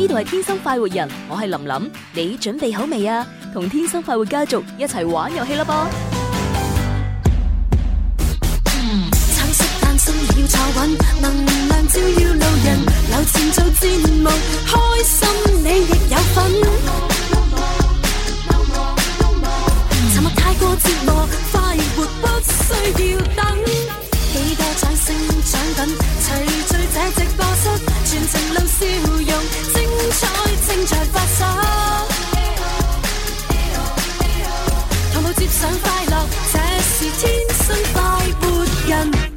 呢度係天生快活人，我係琳琳，你準備好未啊？同天生快活家族一齊玩遊戲啦噃！彩色誕生要坐穩，能量照耀路人，有錢做戰舞，開心你亦有份。沉默太過折磨，快活不需要等。幾多掌聲獎品齊聚這直播室，全程露笑容，精彩正在發生。Hey-oh, hey-oh, hey-oh, hey-oh, 同步接上快樂，這是天生快活人。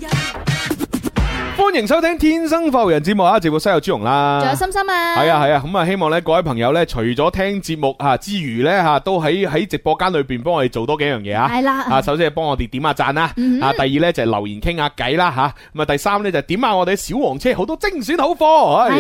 歡迎收聽《天生浮人》節目啊！直播室有朱紅啦，仲有心心啊！係啊係啊，咁啊希望咧各位朋友咧，除咗聽節目吓之餘咧吓，都喺喺直播間裏邊幫我哋做多幾樣嘢啊！係啦，啊首先係幫我哋點下讚啦，啊，啊、嗯、第二咧就係留言傾下偈啦吓，咁啊第三咧就係點下我哋小黃車好多精選好貨、哎，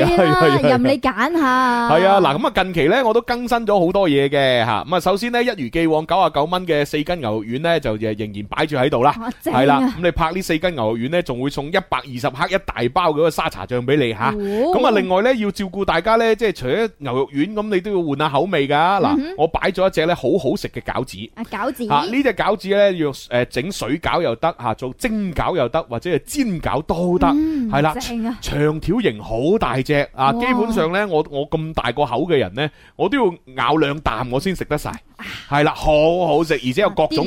任你揀吓，係啊嗱咁啊近期咧我都更新咗好多嘢嘅吓，咁啊首先咧一如既往九啊九蚊嘅四斤牛肉丸咧就仍然擺住喺度啦，係啦，咁、啊、你拍呢四斤牛肉丸咧仲會送一百二十克。一大包嘅沙茶醬俾你吓，咁啊，另外呢，要照顧大家呢，即係除咗牛肉丸，咁你都要換下口味噶。嗱，我擺咗一隻呢，好好食嘅餃子，餃子，呢隻餃子呢，要誒整水餃又得，吓做蒸餃又得，或者係煎餃都得，係、嗯、啦、啊，長條型好大隻啊，基本上呢，我我咁大個口嘅人呢，我都要咬兩啖我先食得晒，係、啊、啦，好好食，而且有各種，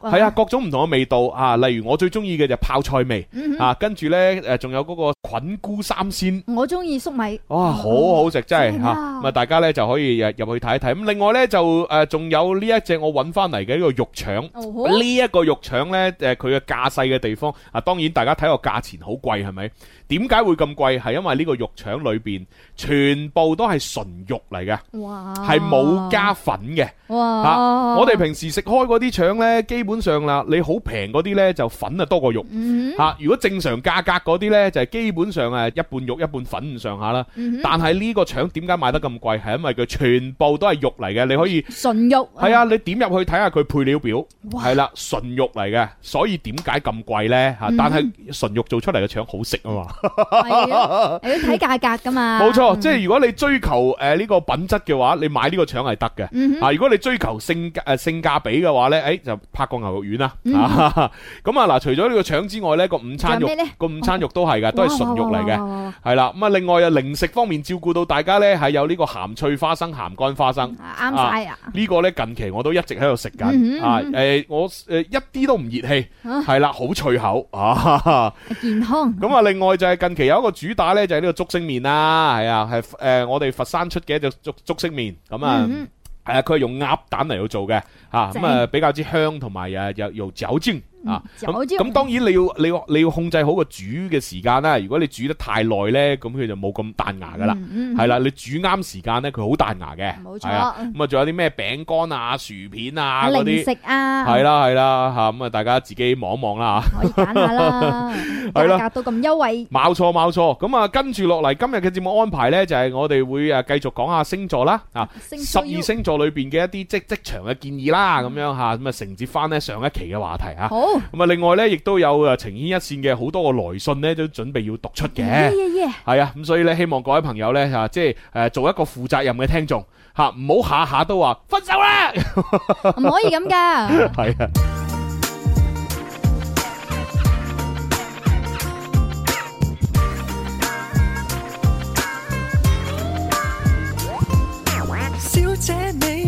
係啊，啊，各種唔同嘅味道啊，例如我最中意嘅就泡菜味、嗯、啊，跟住呢。誒。仲有嗰個菌菇三鮮，我中意粟米，哇、啊，好好食真係吓，咁啊，大家咧就可以入去睇一睇。咁另外咧就誒，仲、呃、有呢一隻我搵翻嚟嘅呢個肉腸，呢一個肉腸咧誒，佢嘅價勢嘅地方啊，當然大家睇個價錢好貴，係咪？點解會咁貴？係因為呢個肉腸裏邊全部都係純肉嚟嘅，係冇加粉嘅。哇！哇啊，我哋平時食開嗰啲腸呢，基本上啦，你好平嗰啲呢就粉啊多過肉。吓，嗯啊，如果正常價格嗰啲呢，就係、是、基本上啊一半肉一半粉咁上下啦。但係呢個腸點解賣得咁貴？係因為佢全部都係肉嚟嘅，你可以純肉、啊。係啊，你點入去睇下佢配料表，係啦，純、啊、肉嚟嘅，所以點解咁貴呢？吓、啊，但係純肉做出嚟嘅腸好食啊嘛。係 你要睇價格噶嘛，冇錯。嗯、即係如果你追求誒呢、呃這個品質嘅話，你買呢個腸係得嘅。啊，如果你追求性誒、呃、性價比嘅話咧，誒、欸、就拍個牛肉丸啦。咁啊，嗱、嗯啊啊，除咗呢個腸之外咧，個午餐肉呢個午餐肉都係噶、哦，都係純肉嚟嘅，係啦。咁、嗯、啊，另外啊，零食方面照顧到大家咧，係有呢個鹹脆花生、鹹乾花生啱晒啊。啊啊這個、呢個咧近期我都一直喺度食緊啊。誒，我、呃、誒一啲都唔熱氣，係、啊、啦，好脆口啊，健康。咁啊，啊，另外就。 近期有一個主打咧，就係呢個竹升麵啦，係啊，係誒，我哋佛山出嘅一隻竹竹升麵，咁啊，係啊，佢係用鴨蛋嚟去做嘅，吓咁啊，比較之香同埋啊，又又酒精。啊、嗯，咁當然你要你要你要控制好個煮嘅時間啦。如果你煮得太耐咧，咁佢就冇咁彈牙噶啦。係、嗯、啦，你煮啱時間咧，佢好彈牙嘅。冇錯，咁啊，仲有啲咩餅乾啊、薯片啊嗰啲零食啊，係啦係啦吓，咁啊，大家自己望一望啦吓，可以揀下啦，價 格都咁優惠。冇錯冇錯，咁啊，跟住落嚟今日嘅節目安排咧，就係我哋會誒繼續講下星座啦，啊，十二星座裏邊嘅一啲即職場嘅建議啦，咁、嗯、樣吓，咁啊承接翻咧上一期嘅話題吓。咁啊！另外咧，亦都有啊，情牽一線嘅好多個來信呢都準備要讀出嘅。係、yeah, 啊、yeah, yeah.，咁所以咧，希望各位朋友咧吓，即係誒，做一個負責任嘅聽眾吓，唔好下下都話分手啦，唔可以咁噶。係啊，小姐你。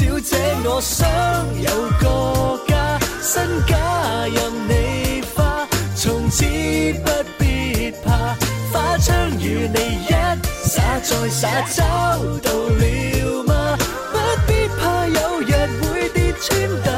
小姐，我想有個家，身家任你花，從此不必怕，花槍與你一撒再撒，找到了嗎？不必怕，有日會跌穿的。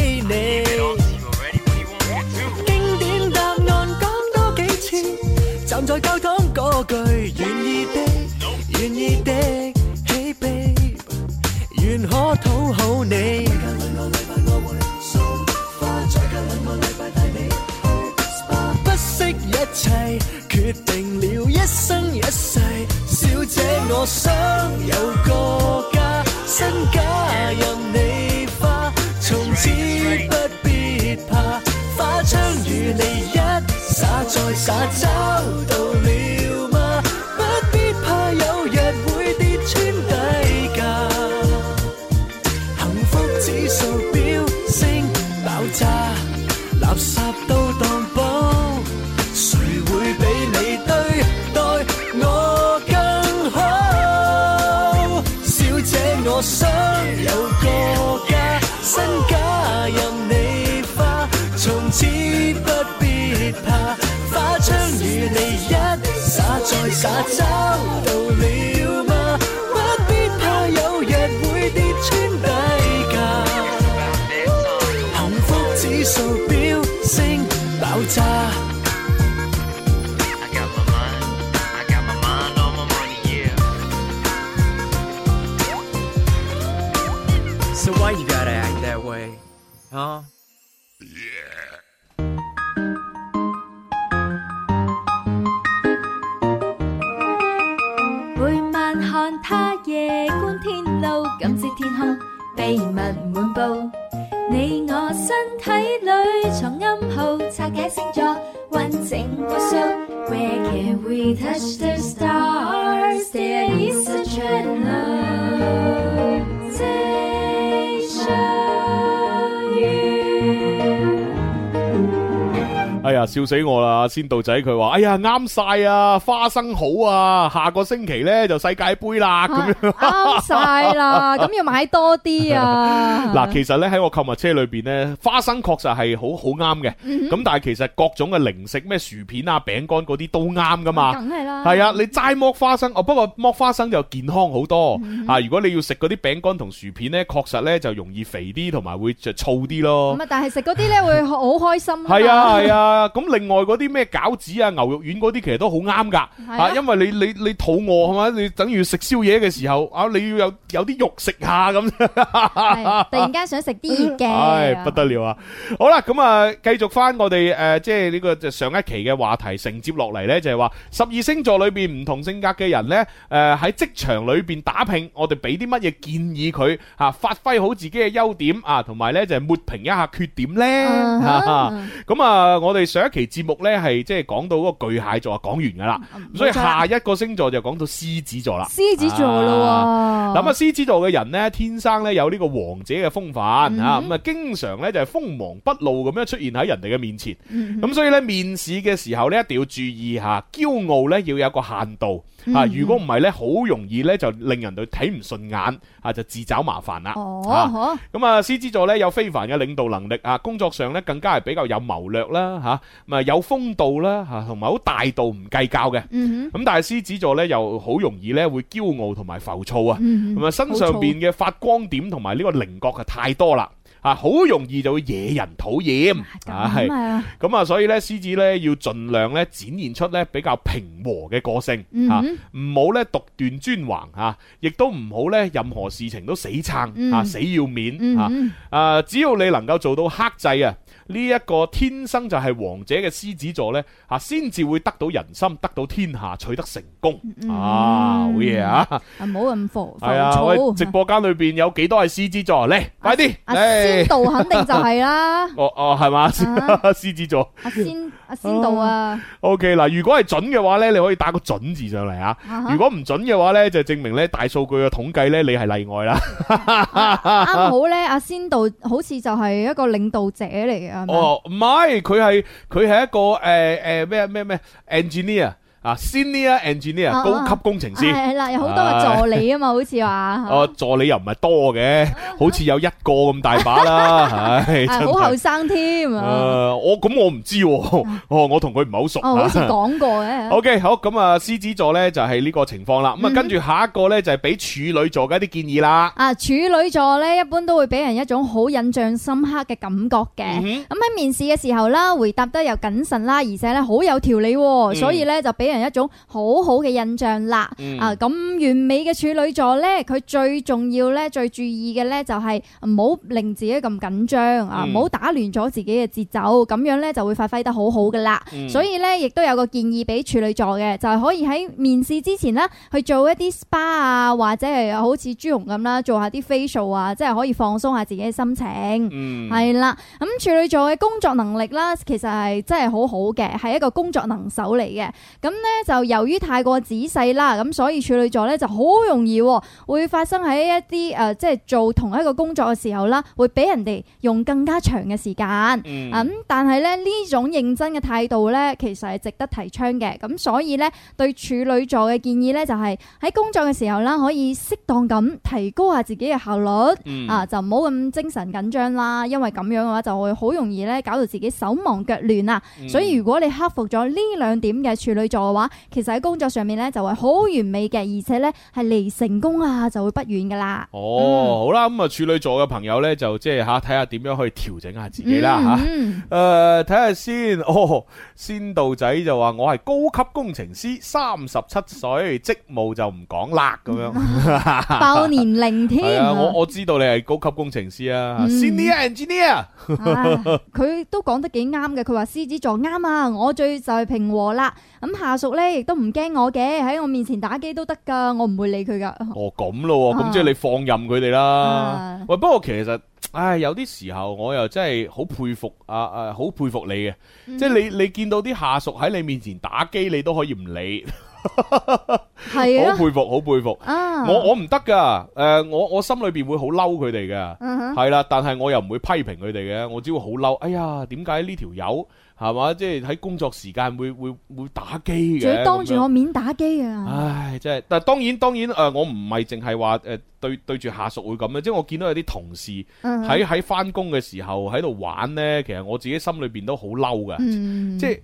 先到仔佢話：哎呀，啱晒啊，花生好啊，下個星期咧就世界杯啦，咁、啊、樣啱晒啦，咁 要買多啲啊。嗱，其實咧喺我購物車裏邊咧，花生確實係好好啱嘅。咁、嗯、但係其實各種嘅零食，咩薯片啊、餅乾嗰啲都啱噶嘛。梗係啦，係啊，你齋剝花生，哦，不過剝花生就健康好多、嗯、啊。如果你要食嗰啲餅乾同薯片咧，確實咧就容易肥啲，同埋會就燥啲咯。咁 啊，但係食嗰啲咧會好開心。係啊係啊，咁、啊、另外嗰啲咩？餃子啊，牛肉丸嗰啲其實都好啱噶，啊，因為你你你肚餓係嘛，你等於食宵夜嘅時候啊，你要有有啲肉食下咁 。突然間想食啲嘅，係、 哎、不得了啊！好啦，咁、嗯、啊，繼續翻我哋誒、呃，即係呢個就上一期嘅話題承接落嚟咧，就係話十二星座裏邊唔同性格嘅人咧，誒喺職場裏邊打拼，我哋俾啲乜嘢建議佢啊？發揮好自己嘅優點啊，同埋咧就係、抹平一下缺點咧。咁、uh-huh. 啊、嗯，我哋上一期節目咧係。即係講到嗰個巨蟹座，講完噶啦，所以下一個星座就講到獅子座啦。獅、啊、子座咯，咁啊，獅子座嘅人呢，天生呢有呢個王者嘅風範吓，咁、嗯、啊經常呢就係鋒芒不露咁樣出現喺人哋嘅面前，咁、嗯、所以呢，面試嘅時候呢，一定要注意吓，驕傲呢要有一個限度。啊！如果唔係咧，好容易咧就令人哋睇唔順眼，啊就自找麻煩啦。哦，咁啊，獅子座咧有非凡嘅領導能力啊，工作上咧更加係比較有謀略啦，吓咁啊有風度啦，吓同埋好大度唔計較嘅。咁、嗯、但係獅子座咧又好容易咧會驕傲同埋浮躁、嗯、啊，身上邊嘅發光點同埋呢個棱角係太多啦。啊，好容易就會惹人討厭，啊係，咁啊，啊所以獅呢，獅子呢要盡量呢展現出呢比較平和嘅個性，吓唔好呢獨斷專橫，亦都唔好呢任何事情都死撐、嗯啊、死要面、嗯啊、只要你能夠做到克制啊。呢一個天生就係王者嘅獅子座呢，吓先至會得到人心，得到天下，取得，得成功、嗯、啊！好嘢啊！唔好咁浮浮躁。直播間裏邊有幾多係獅子座？嚟快啲！阿仙道肯定就係啦、哎。哦哦，係嘛？獅子座。阿仙阿仙道啊。O K 嗱，是是啊啊啊啊啊、OK, 如果係準嘅話呢，你可以打個準字上嚟啊。如果唔準嘅話呢，就證明呢大數據嘅統計呢，你係例外啦、 啊。啱、啊、好呢，阿、啊、仙道好似就係一個領導者嚟嘅。哦，唔係，佢係佢係一個誒誒咩咩咩 engineer。啊，senior engineer 高級工程師係啦，啊啊，有好多助理啊嘛，哎、好似話哦助理又唔係多嘅，啊，好似有一個咁大把啦，係好後生添啊。我咁我唔知喎，哦、啊啊、我同佢唔係好熟，啊、好似講過嘅，OK 好咁啊，獅子座咧就係呢個情況啦，咁啊跟住下一個咧就係俾處女座嘅一啲建議啦，啊處女座咧一般都會俾人一種好印象深刻嘅感覺嘅，咁、嗯、喺面試嘅時候啦，回答得又謹慎啦，而且咧好有條理，所以咧就俾。給人一種好好嘅印象啦。嗯、啊，咁完美嘅處女座咧，佢最重要咧，最注意嘅咧就係唔好令自己咁緊張啊，唔好打亂咗自己嘅節奏，咁樣咧就會發揮得好好嘅啦。嗯、所以咧，亦都有個建議俾處女座嘅，就係、是、可以喺面試之前啦，去做一啲 SPA 啊，或者係好似朱紅咁啦，做下啲 facial 啊，即係可以放鬆下自己嘅心情。係係啦。咁處女座嘅工作能力啦，其實係真係好好嘅，係一個工作能手嚟嘅。咁咧就由於太過仔細啦，咁所以處女座咧就好容易會發生喺一啲誒、呃，即係做同一個工作嘅時候啦，會俾人哋用更加長嘅時間。咁、嗯、但係咧呢種認真嘅態度咧，其實係值得提倡嘅。咁所以咧對處女座嘅建議咧就係喺工作嘅時候啦，可以適當咁提高下自己嘅效率。嗯、啊，就唔好咁精神緊張啦，因為咁樣嘅話就會好容易咧搞到自己手忙腳亂啊。所以如果你克服咗呢兩點嘅處女座。話其實喺工作上面咧就係好完美嘅，而且咧係離成功啊就會不遠噶啦。哦，嗯、好啦，咁啊處女座嘅朋友咧就即係吓睇下點樣去調整下自己啦吓。誒、嗯、睇、啊、下先，哦，先導仔就話我係高級工程師，三十七歲，職、嗯、務就唔講啦咁樣爆、啊、年齡添、 啊。我我知道你係高級工程師、嗯、工程師啊，Senior Engineer。佢、 啊、都講得幾啱嘅，佢話獅子座啱啊，我最就係平和啦。咁下屬呢亦都唔驚我嘅，喺我面前打機都得㗎，我唔會理佢㗎。哦，咁咯，咁、啊、即係你放任佢哋啦。啊、喂，不過其實，唉，有啲時候我又真係好佩服啊啊，好、啊、佩服你嘅，即、嗯、係、就是、你你見到啲下屬喺你面前打機，你都可以唔理。係啊，好佩服，好佩服。啊、我我唔得噶，誒，我、呃、我，我心裏邊會好嬲佢哋噶，係、嗯、啦，但係我又唔會批評佢哋嘅，我只會好嬲。哎呀，點解呢條友係嘛，即係喺工作時間會會會打機嘅，仲要當住我面打機嘅。唉，真係。但係當然當然誒，我唔係淨係話誒對對住下屬會咁樣，即、就、係、是、我見到有啲同事喺喺翻工嘅時候喺度玩呢，其實我自己心裏邊都好嬲噶，即係。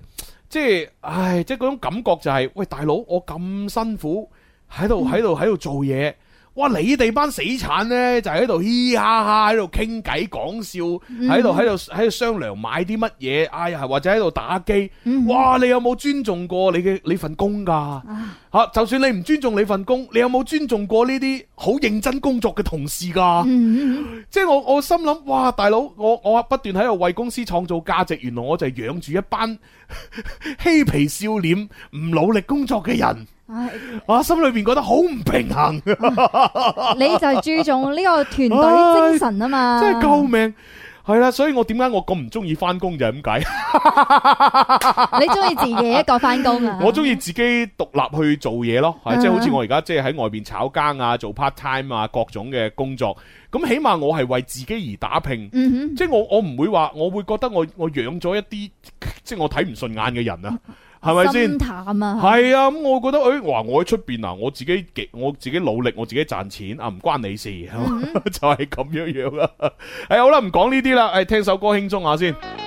即係唉，即係嗰種感覺就係、是、喂，大佬，我咁辛苦喺度，喺度，喺度做嘢。哇！你哋班死產呢，就喺度嘻嘻哈哈喺度傾偈講笑，喺度喺度喺度商量買啲乜嘢啊？哎呀或者喺度打機？哇！你有冇尊重過你嘅你份工㗎？啊啊？就算你唔尊重你份工，你有冇尊重過呢啲好認真工作嘅同事㗎？嗯嗯，即係我我心諗，哇！大佬，我我不斷喺度為公司創造價值，原來我就係養住一班嬉 皮笑臉、唔努力工作嘅人。唉，我心裏邊覺得好唔平衡。你就係注重呢個團隊精神啊嘛！真係救命，係啦，所以我點解我咁唔中意翻工就係咁解。你中意自己一個翻工啊？我中意自己獨立去做嘢咯，即係、即係、好似我而家即係喺外邊炒更啊，做 part time 啊，各種嘅工作。咁起碼我係為自己而打拼，即、嗯、係、即係、我我唔會話，我會覺得我我養咗一啲即係我睇唔順眼嘅人啊。係咪先？係啊，咁、啊、我覺得，誒、哎，我話我喺出邊啊，我自己極，我自己努力，我自己賺錢啊，唔關你事，嗯、 就係咁樣樣、啊、啦。誒、哎，好啦，唔講呢啲啦，誒，聽首歌輕鬆下先。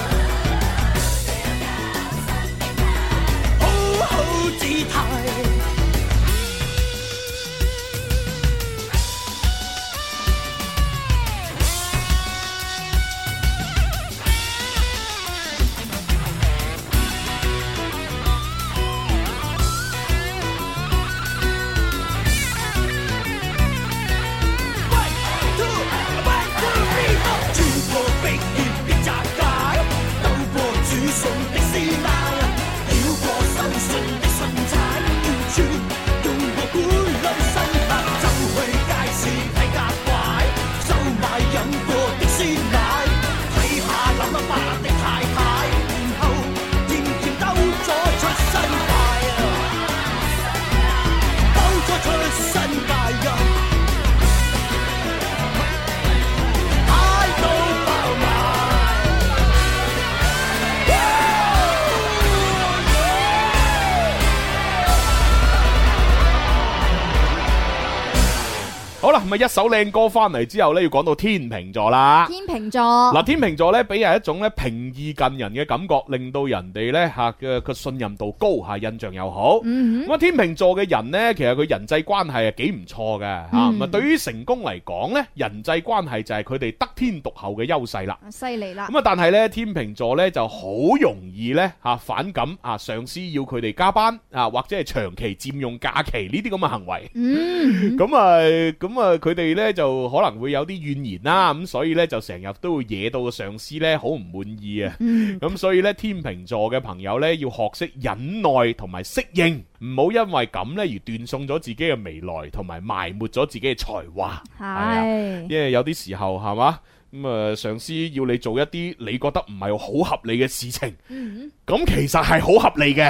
一首靚歌翻嚟之後呢，要講到天秤座啦。天秤座嗱，天秤座呢俾人一種咧平易近人嘅感覺，令到人哋呢吓嘅信任度高，吓印象又好。咁、嗯、啊，天秤座嘅人呢其實佢人際關係係幾唔錯嘅吓。咁、嗯、對於成功嚟講呢，人際關係就係佢哋得天獨厚嘅優勢啦。犀利啦！咁啊，但係呢天秤座呢就好容易呢吓反感啊上司要佢哋加班啊或者係長期佔用假期呢啲咁嘅行為。咁、嗯、啊，咁 啊。佢哋呢就可能會有啲怨言啦，咁所以呢就成日都會惹到個上司呢好唔滿意啊。咁 所以呢，天秤座嘅朋友呢要學識忍耐同埋適應，唔好因為咁呢而斷送咗自己嘅未來，同埋埋沒咗自己嘅才華。係，因為、啊、有啲時候係嘛，咁啊上司要你做一啲你覺得唔係好合理嘅事情。嗯咁其實係好合理嘅，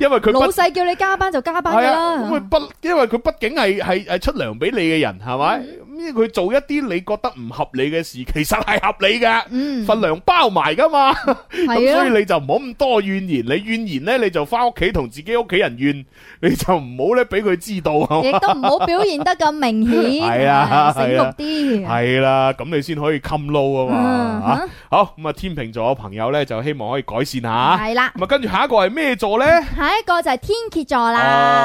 因為佢老細叫你加班就加班啦。咁佢不因為佢畢竟係係係出糧俾你嘅人係咪？咁佢做一啲你覺得唔合理嘅事，其實係合理嘅，份糧包埋噶嘛。咁所以你就唔好咁多怨言，你怨言咧你就翻屋企同自己屋企人怨，你就唔好咧俾佢知道。亦都唔好表現得咁明顯，係啊，醒目啲。係啦，咁你先可以 com low 啊嘛。吓，好咁啊，天秤座嘅朋友咧就希望可以改善。係啦，咁啊跟住下一個係咩座咧？下一個就係天蠍座啦。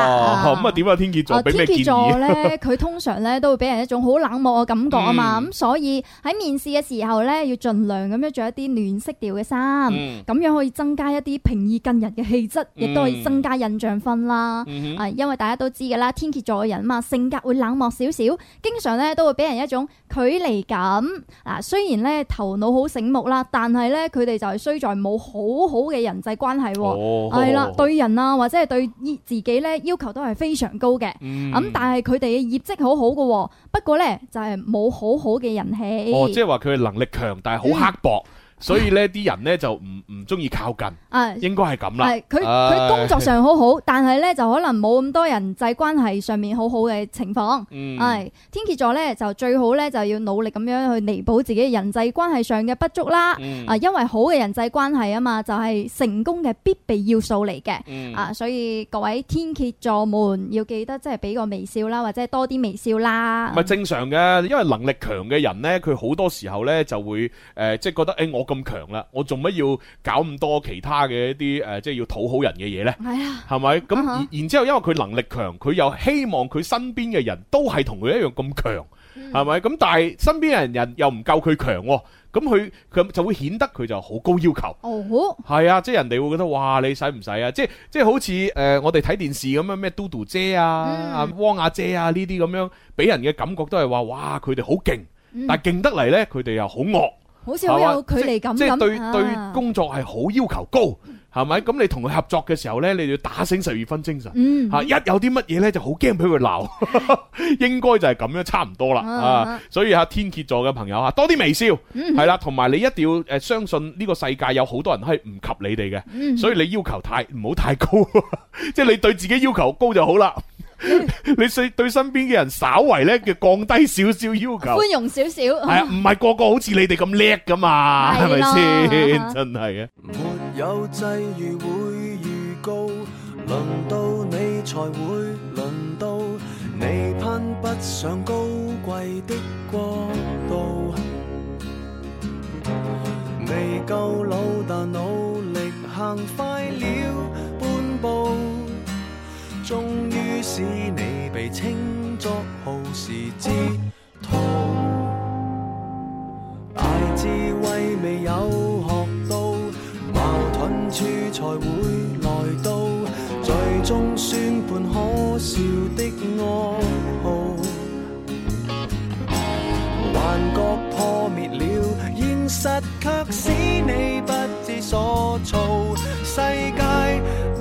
哦，咁啊點啊天蠍座俾咩建議咧？佢通常咧都會俾人一種好冷漠嘅感覺啊嘛，咁、嗯、所以喺面試嘅時候咧要盡量咁樣着一啲暖色調嘅衫，咁、嗯、樣可以增加一啲平易近人嘅氣質，亦、嗯、都可以增加印象分啦。啊、嗯，因為大家都知噶啦，天蠍座嘅人啊嘛，性格會冷漠少少，經常咧都會俾人一種距離感。嗱，雖然咧頭腦好醒目啦，但係咧佢哋就係衰在冇好。好好嘅人際關係，係啦，對人啊或者係對自己呢，要求都係非常高嘅。咁、嗯、但係佢哋嘅業績好好嘅、哦，不過呢，就係、是、冇好好嘅人氣。哦，即係話佢嘅能力強，嗯、但係好刻薄。所以呢啲人呢就唔唔中意靠近，哎、應該係咁啦。係佢佢工作上好好，哎、但係呢就可能冇咁多人際關係上面好好嘅情況。嗯，係天蠍座呢就最好呢就要努力咁樣去彌補自己人際關係上嘅不足啦、嗯。啊，因為好嘅人際關係啊嘛，就係、是、成功嘅必備要素嚟嘅、嗯。啊，所以各位天蠍座們要記得即係俾個微笑啦，或者多啲微笑啦。唔係正常嘅，因為能力強嘅人呢，佢好多時候呢就會誒，即、呃、係、就是、覺得誒、欸、我。咁強啦，我做乜要搞咁多其他嘅一啲誒、呃，即係要討好人嘅嘢呢？係、哎、咪？咁、嗯、然之後，因為佢能力強，佢又希望佢身邊嘅人都係同佢一樣咁強，係、嗯、咪？咁但係身邊人人又唔夠佢強、哦，咁佢佢就會顯得佢就好高要求。哦，係啊，即係人哋會覺得哇，你使唔使啊？即係即係好似誒、呃，我哋睇電視咁樣咩嘟嘟姐啊、嗯、汪阿姐啊呢啲咁樣，俾人嘅感覺都係話哇，佢哋好勁，但係勁得嚟呢，佢哋又好惡。嗯好似好有距離感吧即係樣對、啊、對工作係好要求高，係咪？咁你同佢合作嘅時候呢，你要打醒十二分精神。吓一、嗯啊、有啲乜嘢呢，就好驚俾佢鬧。 應該就係咁樣，差唔多啦啊，啊！所以啊，天蠍座嘅朋友啊，多啲微笑係、嗯、啦，同埋你一定要誒、呃，相信呢個世界有好多人係唔及你哋嘅，嗯、所以你要求太唔好太高， 即係你對自己要求高就好啦。 你對對身邊嘅人，稍微咧叫降低少少要求，寬容少少，係啊，唔係個個好似你哋咁叻㗎嘛，係咪先？真係啊！終於使你被稱作好事之徒，大智慧未有學到，矛盾處才會來到，最終宣判可笑的噩耗，幻覺破滅了，現實卻使你不知所措，世界。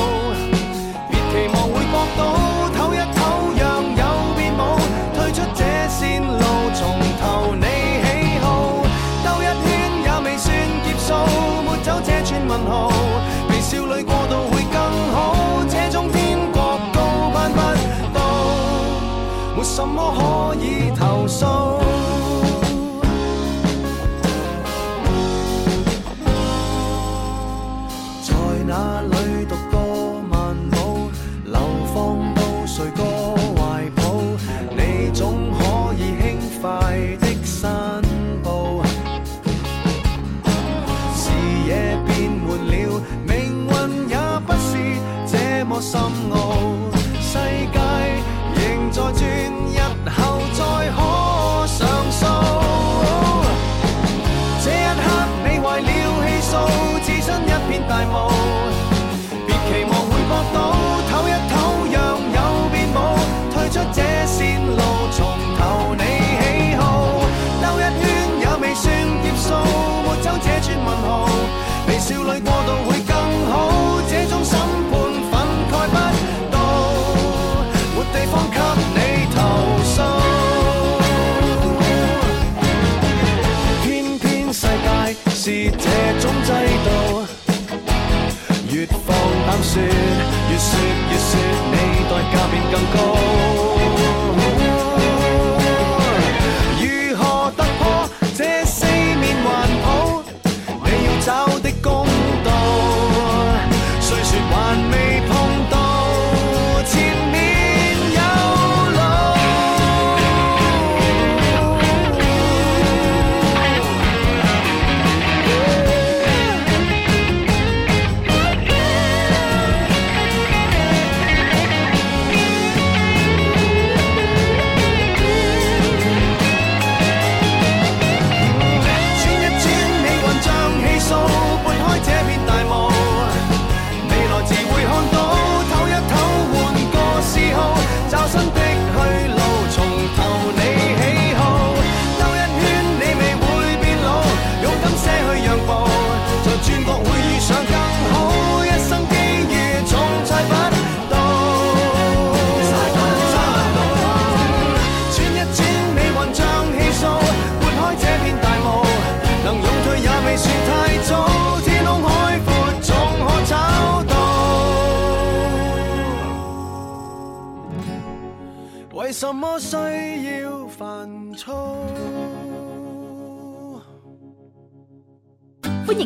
愛過都會。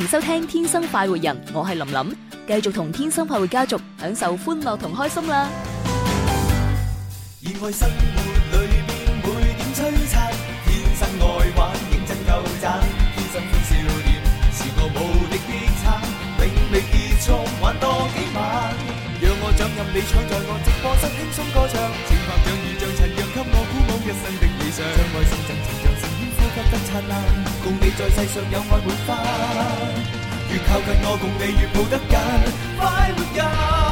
收聽天生快活人，我係林林，繼續同天生快活家族，享受歡樂同開心啦。得燦爛，共你在世上有愛滿花，越靠近我，共你越抱得緊，快活緊。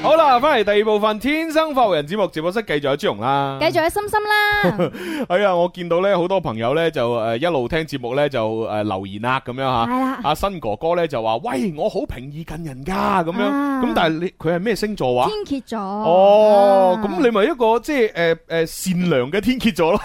好啦，翻嚟第二部分《天生發福人》節目直播室，繼續有朱融啦，繼續有心心啦。係啊，我見到咧好多朋友咧就誒一路聽節目咧就誒留言啊咁樣吓。係啦，阿新哥哥咧就話喂我好平易近人噶咁樣，咁但係你佢係咩星座話？天蠍座。哦，咁你咪一個即係誒誒善良嘅天蠍座咯。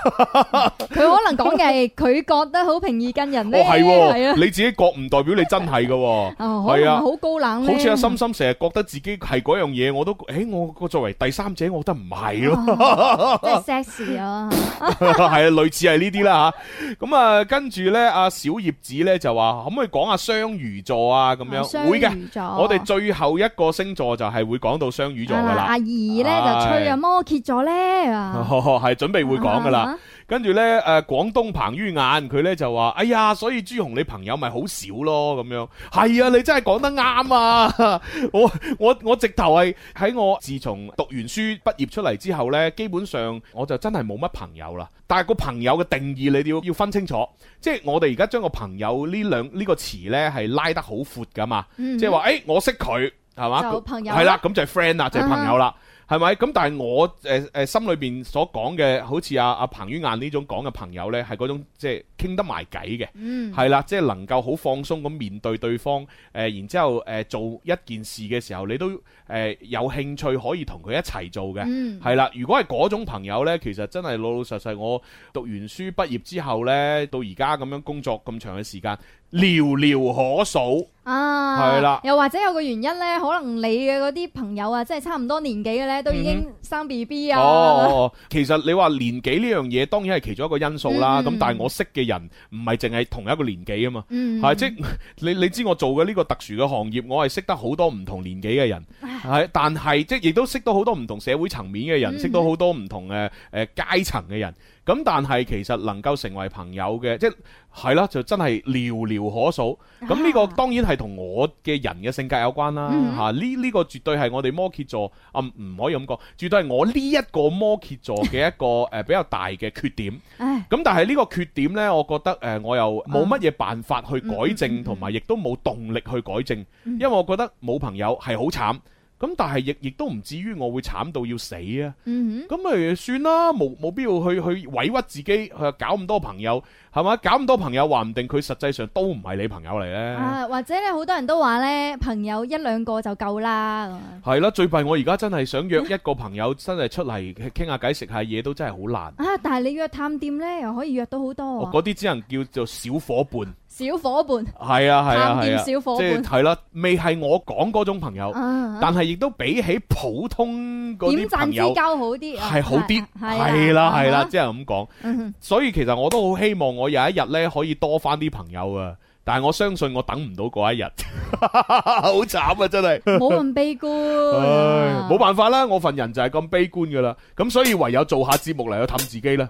佢可能講嘅係佢覺得好平易近人咧。係喎，你自己覺唔代表你真係噶，係咪好高冷咧？好似阿心心成日覺得自己係嗰樣嘢。嘢我都，誒、欸，我個作為第三者，我覺得唔係咯，即係 sexy 咯，係啊， 類似係呢啲啦吓，咁 啊，跟住咧，阿小葉子咧就話可唔可以講下雙魚座啊，咁樣、啊、雙魚座會嘅，我哋最後一個星座就係會講到雙魚座噶啦、啊，阿二咧、哎、就吹啊摩羯座咧啊，係準備會講噶啦。啊啊跟住呢，誒、呃、廣東彭於晏佢呢就話：哎呀，所以朱紅你朋友咪好少咯咁樣。係啊，你真係講得啱啊！我我我直頭係喺我自從讀完書畢業出嚟之後呢，基本上我就真係冇乜朋友啦。但係個朋友嘅定義你哋要要分清楚，即係我哋而家將個朋友呢兩呢個詞呢係拉得好闊㗎嘛。即係話，誒、欸、我識佢係嘛？就朋友係啦，咁就係 friend 啦，就係、是、朋友啦。嗯係咪？咁但係我誒誒、呃呃、心裏邊所講嘅，好似阿阿彭於晏呢種講嘅朋友呢，係嗰種即係傾得埋偈嘅，係啦，即係、嗯、能夠好放鬆咁面對對方，誒、呃，然之後誒、呃、做一件事嘅時候，你都誒、呃、有興趣可以同佢一齊做嘅，係、嗯、啦。如果係嗰種朋友呢，其實真係老老實實，我讀完書畢業之後呢，到而家咁樣工作咁長嘅時間，寥寥可數啊，係啦的，又或者有個原因呢？可能你嘅嗰啲朋友啊，即係差唔多年紀嘅呢，都已經生 B B 啊。哦，其實你話年紀呢樣嘢，當然係其中一個因素啦。咁、嗯、哼但係我識嘅人唔係淨係同一個年紀啊嘛，係咪？、嗯哼即係、你你知我做嘅呢個特殊嘅行業，我係識得好多唔同年紀嘅人，係哼，但係即亦都識到好多唔同社會層面嘅人，識到好多唔同嘅誒階層嘅人。嗯咁但係其實能夠成為朋友嘅，即係啦，就真係寥寥可數。咁呢個當然係同我嘅人嘅性格有關啦。呢、啊、呢、啊呢個絕對係我哋摩羯座啊，嗯，唔可以咁講，絕對係我呢一個摩羯座嘅一個比較大嘅缺點。咁 但係呢個缺點呢，我覺得我又冇乜嘢辦法去改正，同埋亦都冇動力去改正，因為我覺得冇朋友係好慘。咁、嗯、但係亦亦都唔至於，我會慘到要死啊！咁、嗯、咪算啦，冇冇必要去去委屈自己，去搞咁多朋友，係嘛？搞咁多朋友，話唔定佢實際上都唔係你朋友嚟呢？啊，或者你好多人都話呢，朋友一兩個就夠啦。係啦、啊，最弊我而家真係想約一個朋友真係出嚟傾、啊、下偈、食下嘢，都真係好難。啊！但係你約探店呢，又可以約到好多、啊。嗰啲只能叫做小夥伴。小夥伴係啊係啊係啊，即係係啦，未係我講嗰種朋友，啊、但係亦都比起普通嗰啲朋友點讚之交好啲、啊，係好啲，係啦係啦，即係咁講。所以其實我都好希望我有一日呢可以多翻啲朋友啊，但係我相信我等唔到嗰一日， 好慘啊真係。冇咁悲觀，冇 辦法啦，我份人就係咁悲觀噶啦。咁所以唯有做下節目嚟去氹自己啦。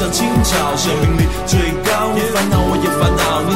像青草，生命力最高。煩惱我也煩。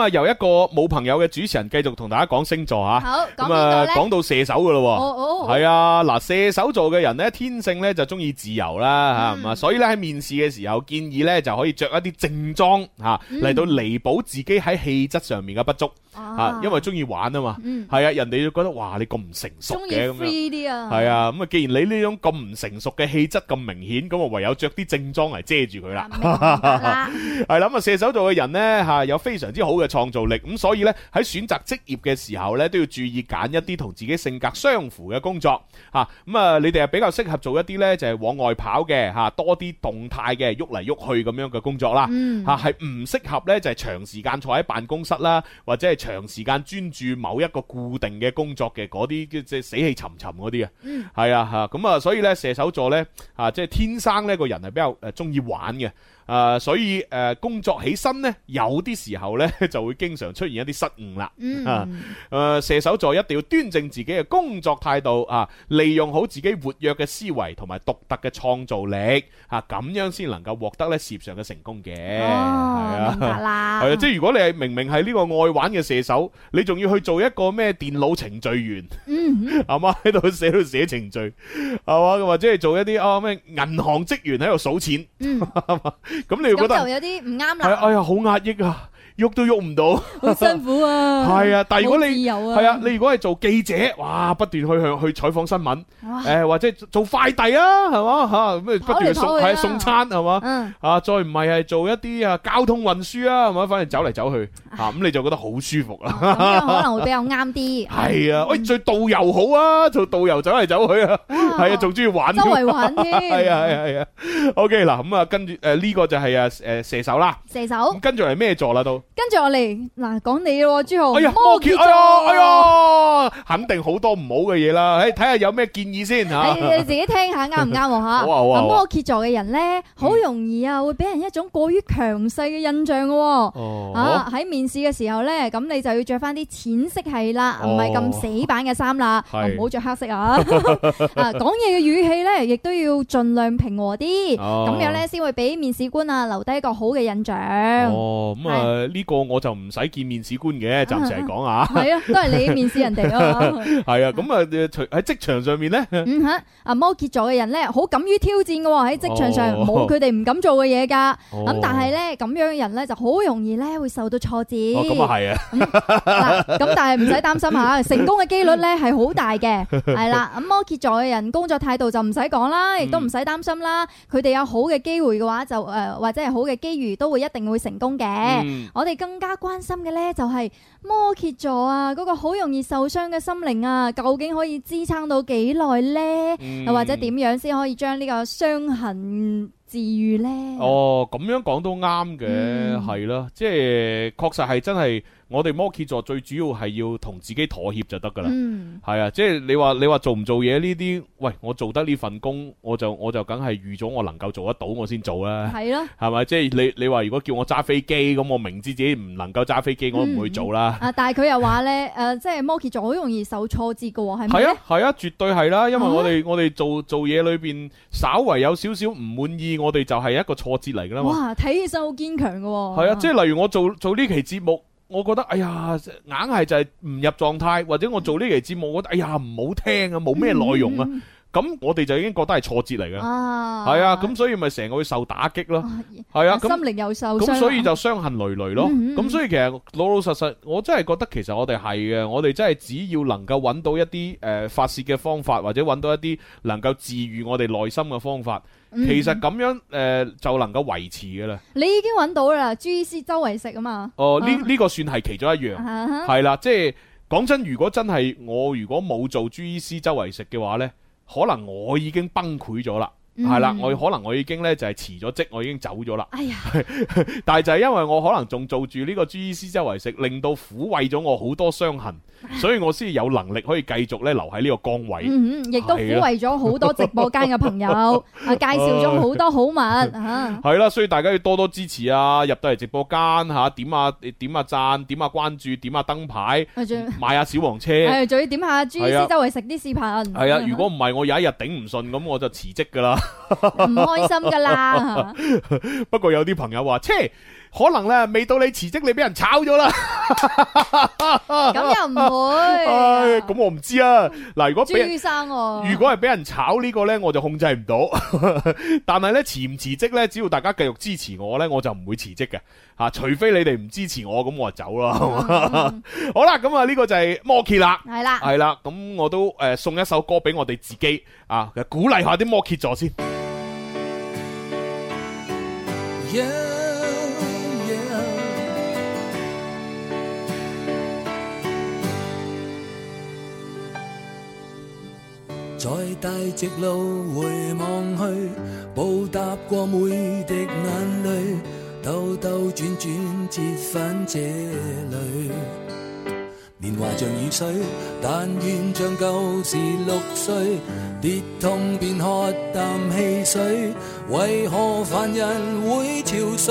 啊，由一個冇朋友嘅主持人繼續同大家講星座吓。好，咁啊，講到射手嘅咯，係、哦哦、啊，嗱，射手座嘅人咧，天性咧就中意自由啦，嗯啊、所以咧喺面試嘅時候，建議咧就可以着一啲正裝吓，嚟、嗯、到彌補自己喺氣質上面嘅不足吓、啊，因為中意玩啊嘛，係、嗯、啊，人哋就覺得哇，你咁唔成熟嘅，中意 free 啲啊，係啊，咁啊，既然你呢種咁唔成熟嘅氣質咁明顯，咁啊，唯有着啲正裝嚟遮住佢啦。係諗 啊，射手座嘅人咧吓，有非常之好嘅。創造力咁、嗯，所以呢，喺選擇職業嘅時候呢，都要注意揀一啲同自己性格相符嘅工作咁啊，嗯、你哋係比較適合做一啲呢，就係、是、往外跑嘅、啊、多啲動態嘅，喐嚟喐去咁樣嘅工作啦，係唔適合呢，就係、是、長時間坐喺辦公室啦，或者係長時間專注某一個固定嘅工作嘅嗰啲即死氣沉沉嗰啲、嗯、啊。係啊，咁啊，所以呢，射手座呢，即、啊、係、就是、天生呢個人係比較誒中意玩嘅。呃，所以，呃，工作起身呢，有啲時候呢，就會經常出現一啲失誤啦。嗯，呃，射手座一定要端正自己嘅工作態度，嗯，咁 你覺得就有啲唔啱啦？哎呀，好壓抑啊！喐都喐唔到，好辛苦啊！係 啊，但係如果你係啊，啊，你如果係做記者，哇，不斷去向去採訪新聞，誒、啊，或者做快遞啊，係嘛吓，不斷送跑嚟跑去，啊、送餐係嘛，嗯，啊，再唔係係做一啲啊交通運輸啊，係嘛，反正走嚟走去，吓，啊、咁、啊、你就覺得好舒服啦，咁啊可能會比較啱啲。係 啊，喂、嗯，做、哎、導遊好啊，做導遊走嚟走去啊，係啊，仲中意玩周圍玩啲。係啊係啊係啊。O K 嗱，咁 啊，啊，啊，啊、嗯、okay, 啊跟住誒呢個就係啊誒射手啦，射手。跟住嚟咩座啦都？跟住我嚟嗱，講你咯，朱豪，摩、哎、羯座哎呀哎呀，哎呀，肯定多好多唔好嘅嘢啦。誒，睇下有咩建議先吓、哎啊。你自己聽下啱唔啱吓？咁摩羯座嘅人咧，好，好，好好容易啊，會俾人一種過於強勢嘅印象嘅、啊哦。啊，喺面試嘅時候咧，咁你就要着翻啲淺色系啦，唔係咁死板嘅衫啦，唔好着黑色 啊。啊，講嘢嘅語氣咧，亦都要盡量平和啲，咁、哦、樣咧先會俾面試官啊留低一個好嘅印象。哦，咁、嗯、啊呢。這個個我就唔使見面試官嘅，暫時嚟講啊，係啊，都係你面試人哋啊，係啊，咁啊，除喺職場上面咧，嗯吓，阿摩羯座嘅人咧，好敢於挑戰嘅喎，喺職場上冇佢哋唔敢做嘅嘢噶，咁但係咧咁樣嘅人咧就好容易咧會受到挫折，咁啊係啊，咁但係唔使擔心吓，成功嘅機率咧係好大嘅，係啦，阿摩羯座嘅人工作態度就唔使講啦，亦都唔使擔心啦，佢哋有好嘅機會嘅話就誒或者係好嘅機遇都會一定會成功嘅，我哋。我更加關心嘅咧，就係、是。摩羯座啊，嗰、那個好容易受傷嘅心靈啊，究竟可以支撐到幾耐呢？又、嗯、或者點樣先可以將呢個傷痕治愈呢？哦，咁樣講都啱嘅，係、嗯、咯，即係確實係真係，我哋摩羯座最主要係要同自己妥協就得噶啦。係、嗯、啊，即係你話你話做唔做嘢呢啲？喂，我做得呢份工，我就我就梗係預咗我能夠做得到，我先做啦。係咯，係咪？即係你你話如果叫我揸飛機咁，我明知自己唔能夠揸飛機，我都唔會做啦。嗯 啊！但係佢又話咧，誒、啊，即係摩羯座好容易受挫折嘅，係咪？係啊，係啊，絕對係啦。因為我哋、啊、我哋做做嘢裏邊稍為有少少唔滿意，我哋就係一個挫折嚟噶啦嘛。哇！睇起身好堅強嘅。係啊，即係例如我做做呢期節目，我覺得哎呀，硬係就係唔入狀態，或者我做呢期節目，我覺得哎呀唔好聽啊，冇咩內容啊。嗯嗯咁我哋就已經覺得係挫折嚟㗎，係啊，咁、啊、所以咪成個會受打擊咯，係啊，咁、啊、心靈又受，咁所以就傷痕累累咯。咁、嗯嗯、所以其實老老實實，我真係覺得其實我哋係嘅，我哋真係只要能夠揾到一啲誒、呃、發泄嘅方法，或者揾到一啲能夠治愈我哋內心嘅方法，嗯、其實咁樣誒、呃、就能夠維持噶啦。你已經揾到啦，朱醫師周圍食啊嘛。哦、呃，呢、啊、呢、呢個算係其中一樣，係、啊、啦，即係講真，如果真係我如果冇做朱醫師周圍食嘅話呢。可能我已經崩潰咗啦。係、嗯、啦，我可能我已經咧就係辭咗職，我已經走咗啦。哎呀，但係就係因為我可能仲做住呢個朱醫師周圍食，令到撫慰咗我好多傷痕、哎，所以我先有能力可以繼續咧留喺呢個崗位。嗯嗯，亦都撫慰咗好多直播間嘅朋友，啊啊、介紹咗好多好物吓。係、哎、啦、啊，所以大家要多多支持啊！入到嚟直播間吓，點啊點啊讚，點啊關注，點啊燈牌，買下小黃車。仲要點下朱醫師周圍食啲視頻。係啊，如果唔係我有一日頂唔順咁，我就辭職噶啦。唔 開心㗎喇，不過有啲朋友話，切。可能咧未到你辭職，你俾人炒咗啦。咁又唔會？咁我唔知啊。嗱，如果朱生、啊，如果係俾人炒呢，呢個咧，我就控制唔到。 但係咧，辭唔辭職咧，只要大家繼續支持我咧，我就唔會辭職嘅。吓，啊，除非你哋唔支持我，咁我就走啦，嗯。嗯、 好啦，咁啊，呢個就係摩羯啦，係啦，係啦。咁我都誒送一首歌俾我哋自己啊，鼓勵下啲摩羯座先。Yeah 再帶直路回望去，報答過每滴眼淚，兜兜轉轉折返這裏。年華像雨水，但願像舊時六歲，跌痛便喝啖汽水，為何凡人會憔悴？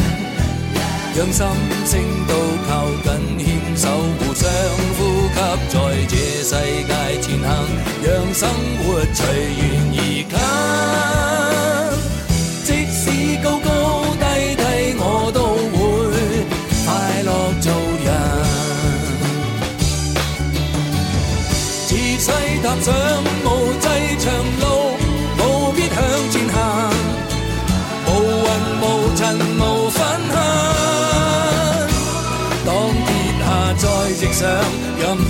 讓心聲都靠近，牽手互相呼吸，在這世界前行，讓生活隨緣而近。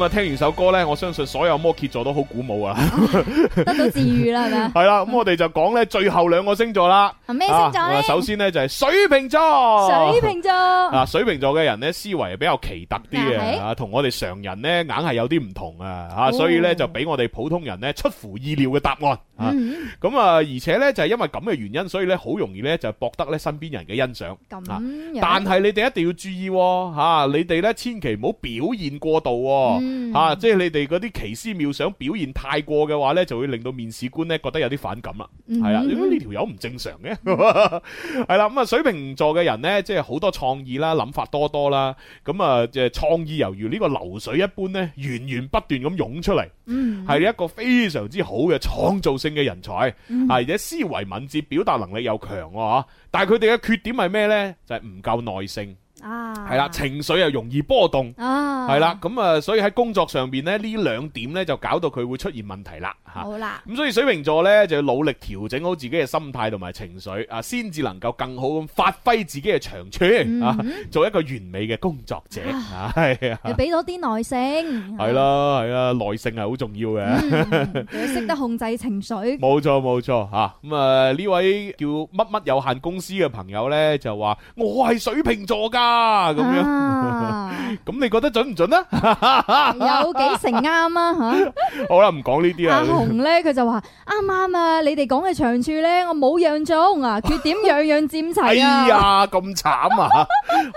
咁啊，聽完首歌咧，我相信所有摩羯座都好鼓舞啊，得到治癒啦，係 咪？係啦，咁我哋就講咧最後兩個星座啦。咩星座、啊、首先咧就係水瓶座。水瓶座啊，水瓶座嘅人咧思維比較奇特啲嘅，啊，同我哋常人咧硬係有啲唔同啊，吓、哦，所以咧就俾我哋普通人咧出乎意料嘅答案啊。咁、嗯、啊，而且咧就係因為咁嘅原因，所以咧好容易咧就博得咧身邊人嘅欣賞。咁但係你哋一定要注意，吓，你哋咧千祈唔好表現過度。嗯啊、即係你哋嗰啲奇思妙想表現太過嘅話呢，就會令到面試官呢覺得有啲反感啦。係、mm-hmm. 啊，呢條友唔正常嘅。係啦，咁啊，水瓶座嘅人呢，即係好多創意啦，諗法多多啦。咁啊，創意猶如呢個流水一般呢，源源不斷咁湧出嚟。嗯，係一個非常之好嘅創造性嘅人才，啊、mm-hmm.，而且思維敏捷、表達能力又強。喎。但係佢哋嘅缺點係咩呢？就係唔夠耐性。啊，係啦，情緒又容易波動，係、啊、啦，咁啊，所以喺工作上邊咧呢兩點咧就搞到佢會出現問題啦。好啦，咁所以水瓶座咧就要努力調整好自己嘅心態同埋情緒啊，先至能夠更好咁發揮自己嘅長處啊，做一個完美嘅工作者啊，係啊，俾多啲耐性，係啦，係啊，耐性係好重要嘅，識、嗯、 得控制情緒，冇錯冇錯吓，咁啊呢位叫乜乜有限公司嘅朋友咧就話我係水瓶座噶。啊，咁樣，咁你覺得準唔準啊？有幾成啱啊？吓，好啦，唔講呢啲啊。阿紅咧，佢就話啱啱啊，你哋講嘅長處咧，我冇樣中啊，缺點樣樣佔齊啊。哎呀，咁慘啊！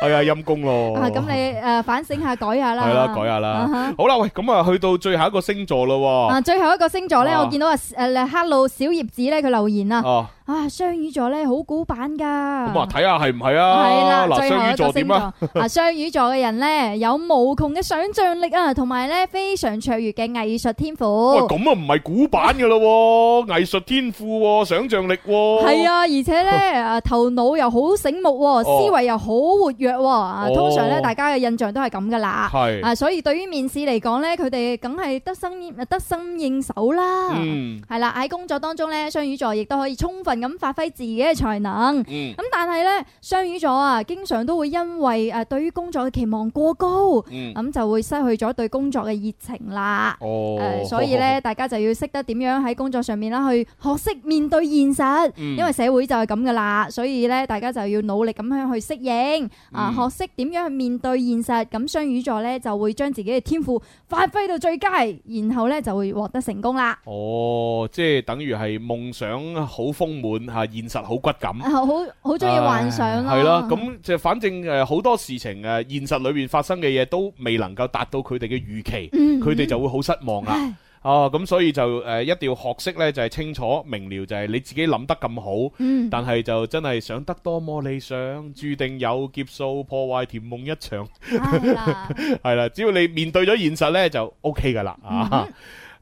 係啊，陰公咯。啊，咁你誒反省下，改下啦。係啦，改下啦。好啦，喂，咁啊，去到最後一個星座咯。啊，最後一個星座咧，我見到啊，誒，Hello 小葉子咧，佢留言啊。啊，雙魚座咧好古板噶，咁啊睇下係唔係啊？係啦，嗱，最後雙魚座點啊？嗱，雙魚座嘅人咧有無窮嘅想象力啊，同埋咧非常卓越嘅藝術天賦。喂，咁啊唔係古板噶咯，藝術天賦，想象力。係啊，而且咧，誒，頭腦又好醒目，思維又好活躍。啊，通常咧大家嘅印象都係咁噶啦。係啊，所以對於面試嚟講咧，佢哋梗係得心得心應手啦。嗯，係啦，喺工作當中咧，雙魚座亦都可以充分，咁發揮自己嘅才能，咁但係咧雙魚座啊，經常都會因為誒對於工作嘅期望過高，咁就會失去咗對工作嘅熱情啦。哦誒，所以咧大家就要識得點樣喺工作上面啦，去學識面對現實，因為社會就係咁噶啦，所以咧大家就要努力咁樣去適應，啊，學識點樣去面對現實，咁雙魚座咧就會將自己嘅天賦發揮到最佳，然後咧就會獲得成功啦。哦，即係等於係夢想好豐。滿吓現實好骨感，好好中意幻想咯，係咯，咁就反正誒好多事情誒現實裏面發生嘅嘢都未能夠達到佢哋嘅預期，佢哋就會好失望啦。哦，咁所以就誒一定要學識呢，就係清楚明瞭，就係你自己諗得咁好，但係就真係想得多麼理想，注定有劫數破壞甜夢一場，係啦，係啦，只要你面對咗現實呢就 OK 噶啦啊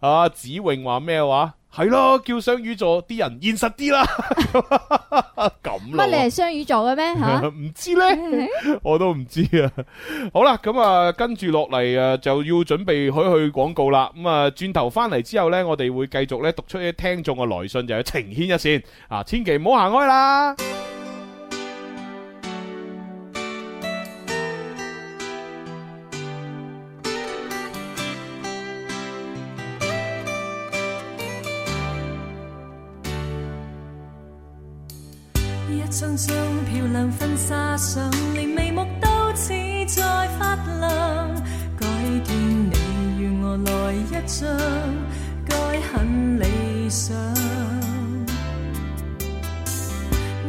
啊，子穎話咩話？係咯，叫雙魚座啲人現實啲啦。咁 咯，乜你係雙魚座嘅咩？唔、啊、知呢？ 我都唔知啊。好啦，咁啊，跟住落嚟啊，就要準備去去廣告啦。咁啊，轉頭翻嚟之後呢，我哋會繼續呢，讀出啲聽眾嘅來信，就情牽一線啊，千祈唔好行開啦。一張張漂亮婚紗相，連眉目都似在發亮。改天你與我來一張，該很理想。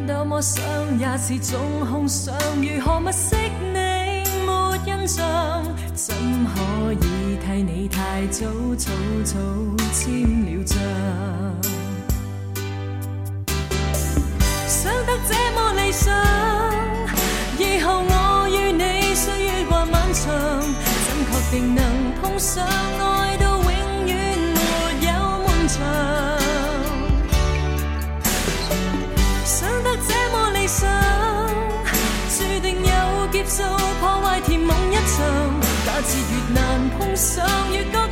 多麼想也是種空想，如何物色你沒印象？怎可以替你太早草草簽了章？想以後我與你歲月還漫長，怎確定能碰上愛到永遠沒有悶場？想得這麼理想，注定有劫數破壞甜夢一場。假設越難碰上，越覺。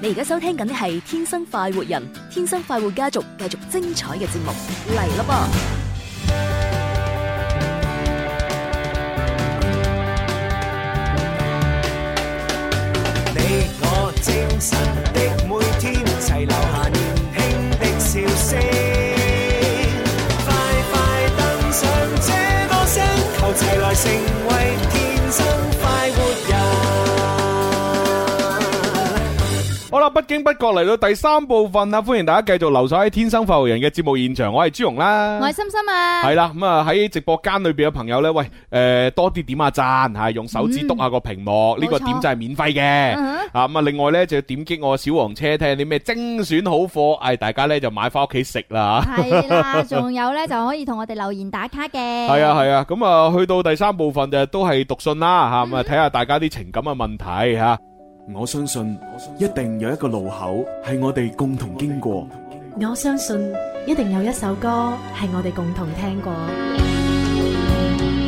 你而家收聽緊嘅係天生快活人，天生快活家族繼續精彩嘅節目嚟啦噃！你我精神。不經不覺嚟到第三部分啦，歡迎大家繼續留守喺天生發育人嘅節目現場，我係朱紅啦，我係心心啊，係啦，咁啊，喺直播間裏邊嘅朋友呢，喂誒，多啲點下讚吓，用手指篤下個屏幕，呢個點就係免費嘅啊咁啊，另外呢就點擊我小黃車睇下啲咩精選好貨，誒，大家呢就買翻屋企食啦，係啦，仲有呢就可以同我哋留言打卡嘅，係啊係啊，咁啊去到第三部分就都係讀信啦吓，咁啊睇下大家啲情感嘅問題吓。我相信一定有一個路口係我哋共同經過。我相信一定有一首歌係我哋共同聽過。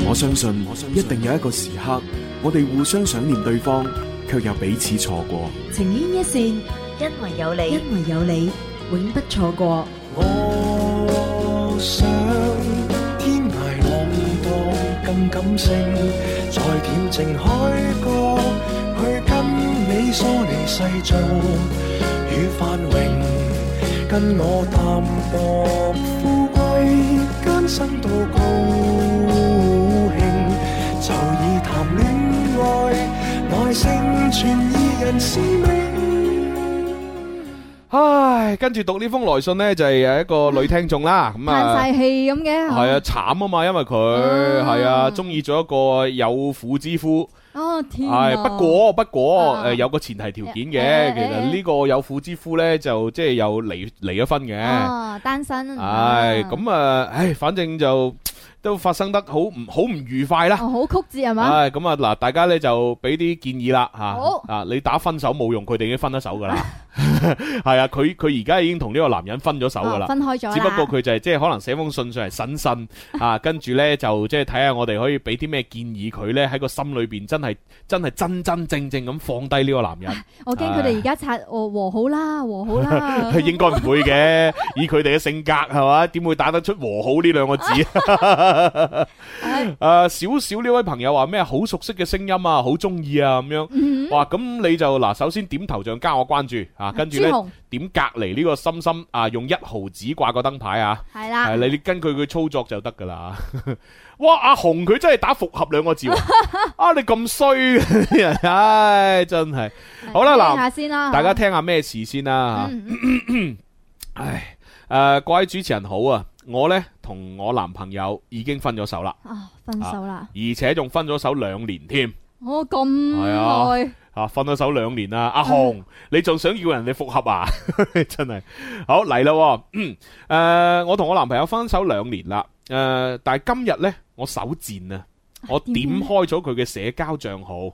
我相信一定有一個時刻我哋互相想念對方，卻又彼此錯過。情牽一線，因為有你，因為有你，永不錯過。我想天涯浪蕩更感性，在恬靜海角去，你疏你世做與繁榮，跟我淡薄，富貴，艱辛度高興。就以談戀愛來成全二人士命。唉，跟住讀呢封來信呢，就係、是、一個女聽眾啦。咁 啊，嘆晒氣咁嘅，係啊，慘啊嘛，因為佢係啊，中意咗一個有婦之夫。哦，係、啊、不過不過誒、啊呃，有個前提條件嘅、欸欸，其實呢個有婦之夫咧就即係有離離咗婚嘅，單身，係咁啊，唉，反正就。都發生得好唔好唔愉快啦，好、哦、曲折係嘛？哎，咁啊嗱，大家呢就俾啲建議啦吓、哦，啊，你打分手冇用，佢哋已經分咗手噶啦，係啊，佢佢而家已經同呢個男人分咗手噶、哦、啦，分開咗，只不過佢就係即係可能寫封信上嚟審訊啊，跟住呢就即係睇下我哋可以俾啲咩建議佢呢，喺個心裏邊真係真係真真正正咁放低呢個男人。啊、我驚佢哋而家拆和和好啦，和好啦，好 應該唔會嘅， 以佢哋嘅性格係嘛，點會打得出和好呢兩個字、啊 誒，少少呢位朋友話咩好熟悉嘅聲音啊，好中意啊，咁樣，哇，咁你就嗱，首先點頭像加我關注啊，跟住呢點隔籬呢個心心啊，用一毫子掛個燈牌啊，係啦，你你根據佢操作就得噶啦，哇，阿紅佢真係打復合兩個字啊，你咁衰，唉、哎，真係，好啦，嗱、啊，大家聽下咩事先啦、啊，唉 啊，各位主持人好啊。我呢，同我男朋友已經分咗手啦，啊，分手啦，而且仲分咗手兩年添，哦，咁耐，啊，分咗手兩年啦、嗯，阿紅，你仲想要人哋復合啊？ 真係，好嚟啦，誒、哦嗯呃，我同我男朋友分手兩年啦，誒、呃，但係今日呢，我手賤啊，我點開咗佢嘅社交賬號、啊，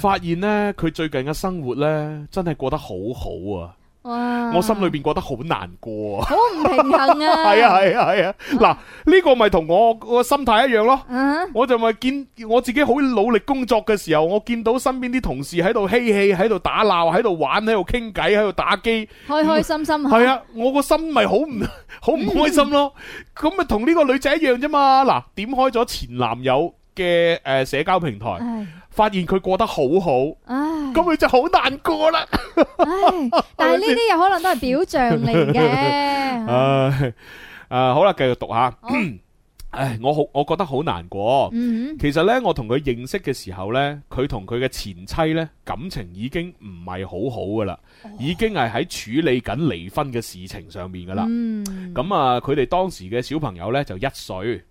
發現呢佢最近嘅生活呢，真係過得好好啊。哇！我心裏邊覺得好難過，好唔平衡啊！係啊係啊係啊！嗱、啊、呢、啊啊，呢個咪同我個心態一樣咯。啊、我就咪見我自己好努力工作嘅時候，我見到身邊啲同事喺度嬉戲，喺度打鬧，喺度玩，喺度傾偈，喺度打機，開開心心。係啊，我個、啊、心咪好唔好唔開心咯？咁咪同呢個女仔一樣啫嘛！嗱，點開咗前男友嘅誒社交平台。發現佢過得好好，咁佢就好難過啦。但係呢啲有可能都係表象嚟嘅。誒，好啦，繼續讀下。唉唉唉，我好，我覺得好難過。其實呢，我同佢認識嘅時候呢，佢同佢嘅前妻呢，感情已經唔係好好噶啦，已經係喺處理緊離婚嘅事情上面噶啦。咁啊，佢哋當時嘅小朋友呢，就一歲。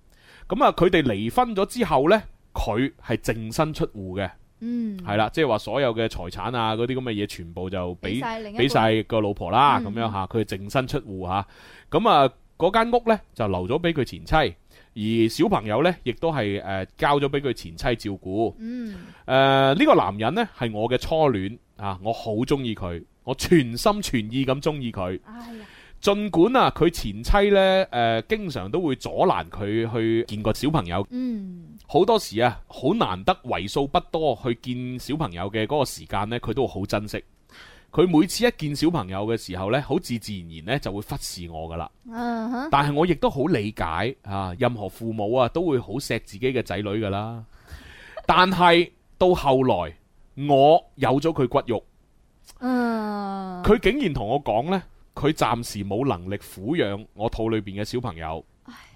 咁啊，佢哋離婚咗之後呢。佢係淨身出戶嘅，係、嗯、啦，即係話所有嘅財產啊，嗰啲咁嘅嘢，全部就俾俾晒個老婆啦，咁、嗯、樣吓，佢淨身出戶吓，咁啊嗰間、那個、屋呢，就留咗俾佢前妻，而小朋友呢，亦都係誒、呃、交咗俾佢前妻照顧。嗯，誒、呃、呢、這個男人呢，係我嘅初戀啊，我好中意佢，我全心全意咁中意佢。哎盡管啊，佢前妻咧，誒、呃，經常都會阻攔佢去見個小朋友。嗯，好多時啊，好難得為數不多去見小朋友嘅嗰個時間咧，佢都會好珍惜。佢每次一見小朋友嘅時候咧，好自自然然咧就會忽視我噶啦。Uh-huh. 但係我亦都好理解啊，任何父母啊都會好錫自己嘅仔女噶啦。但係 到後來，我有咗佢骨肉，嗯，佢竟然同我講咧。佢暫時冇能力撫養我肚裏邊嘅小朋友。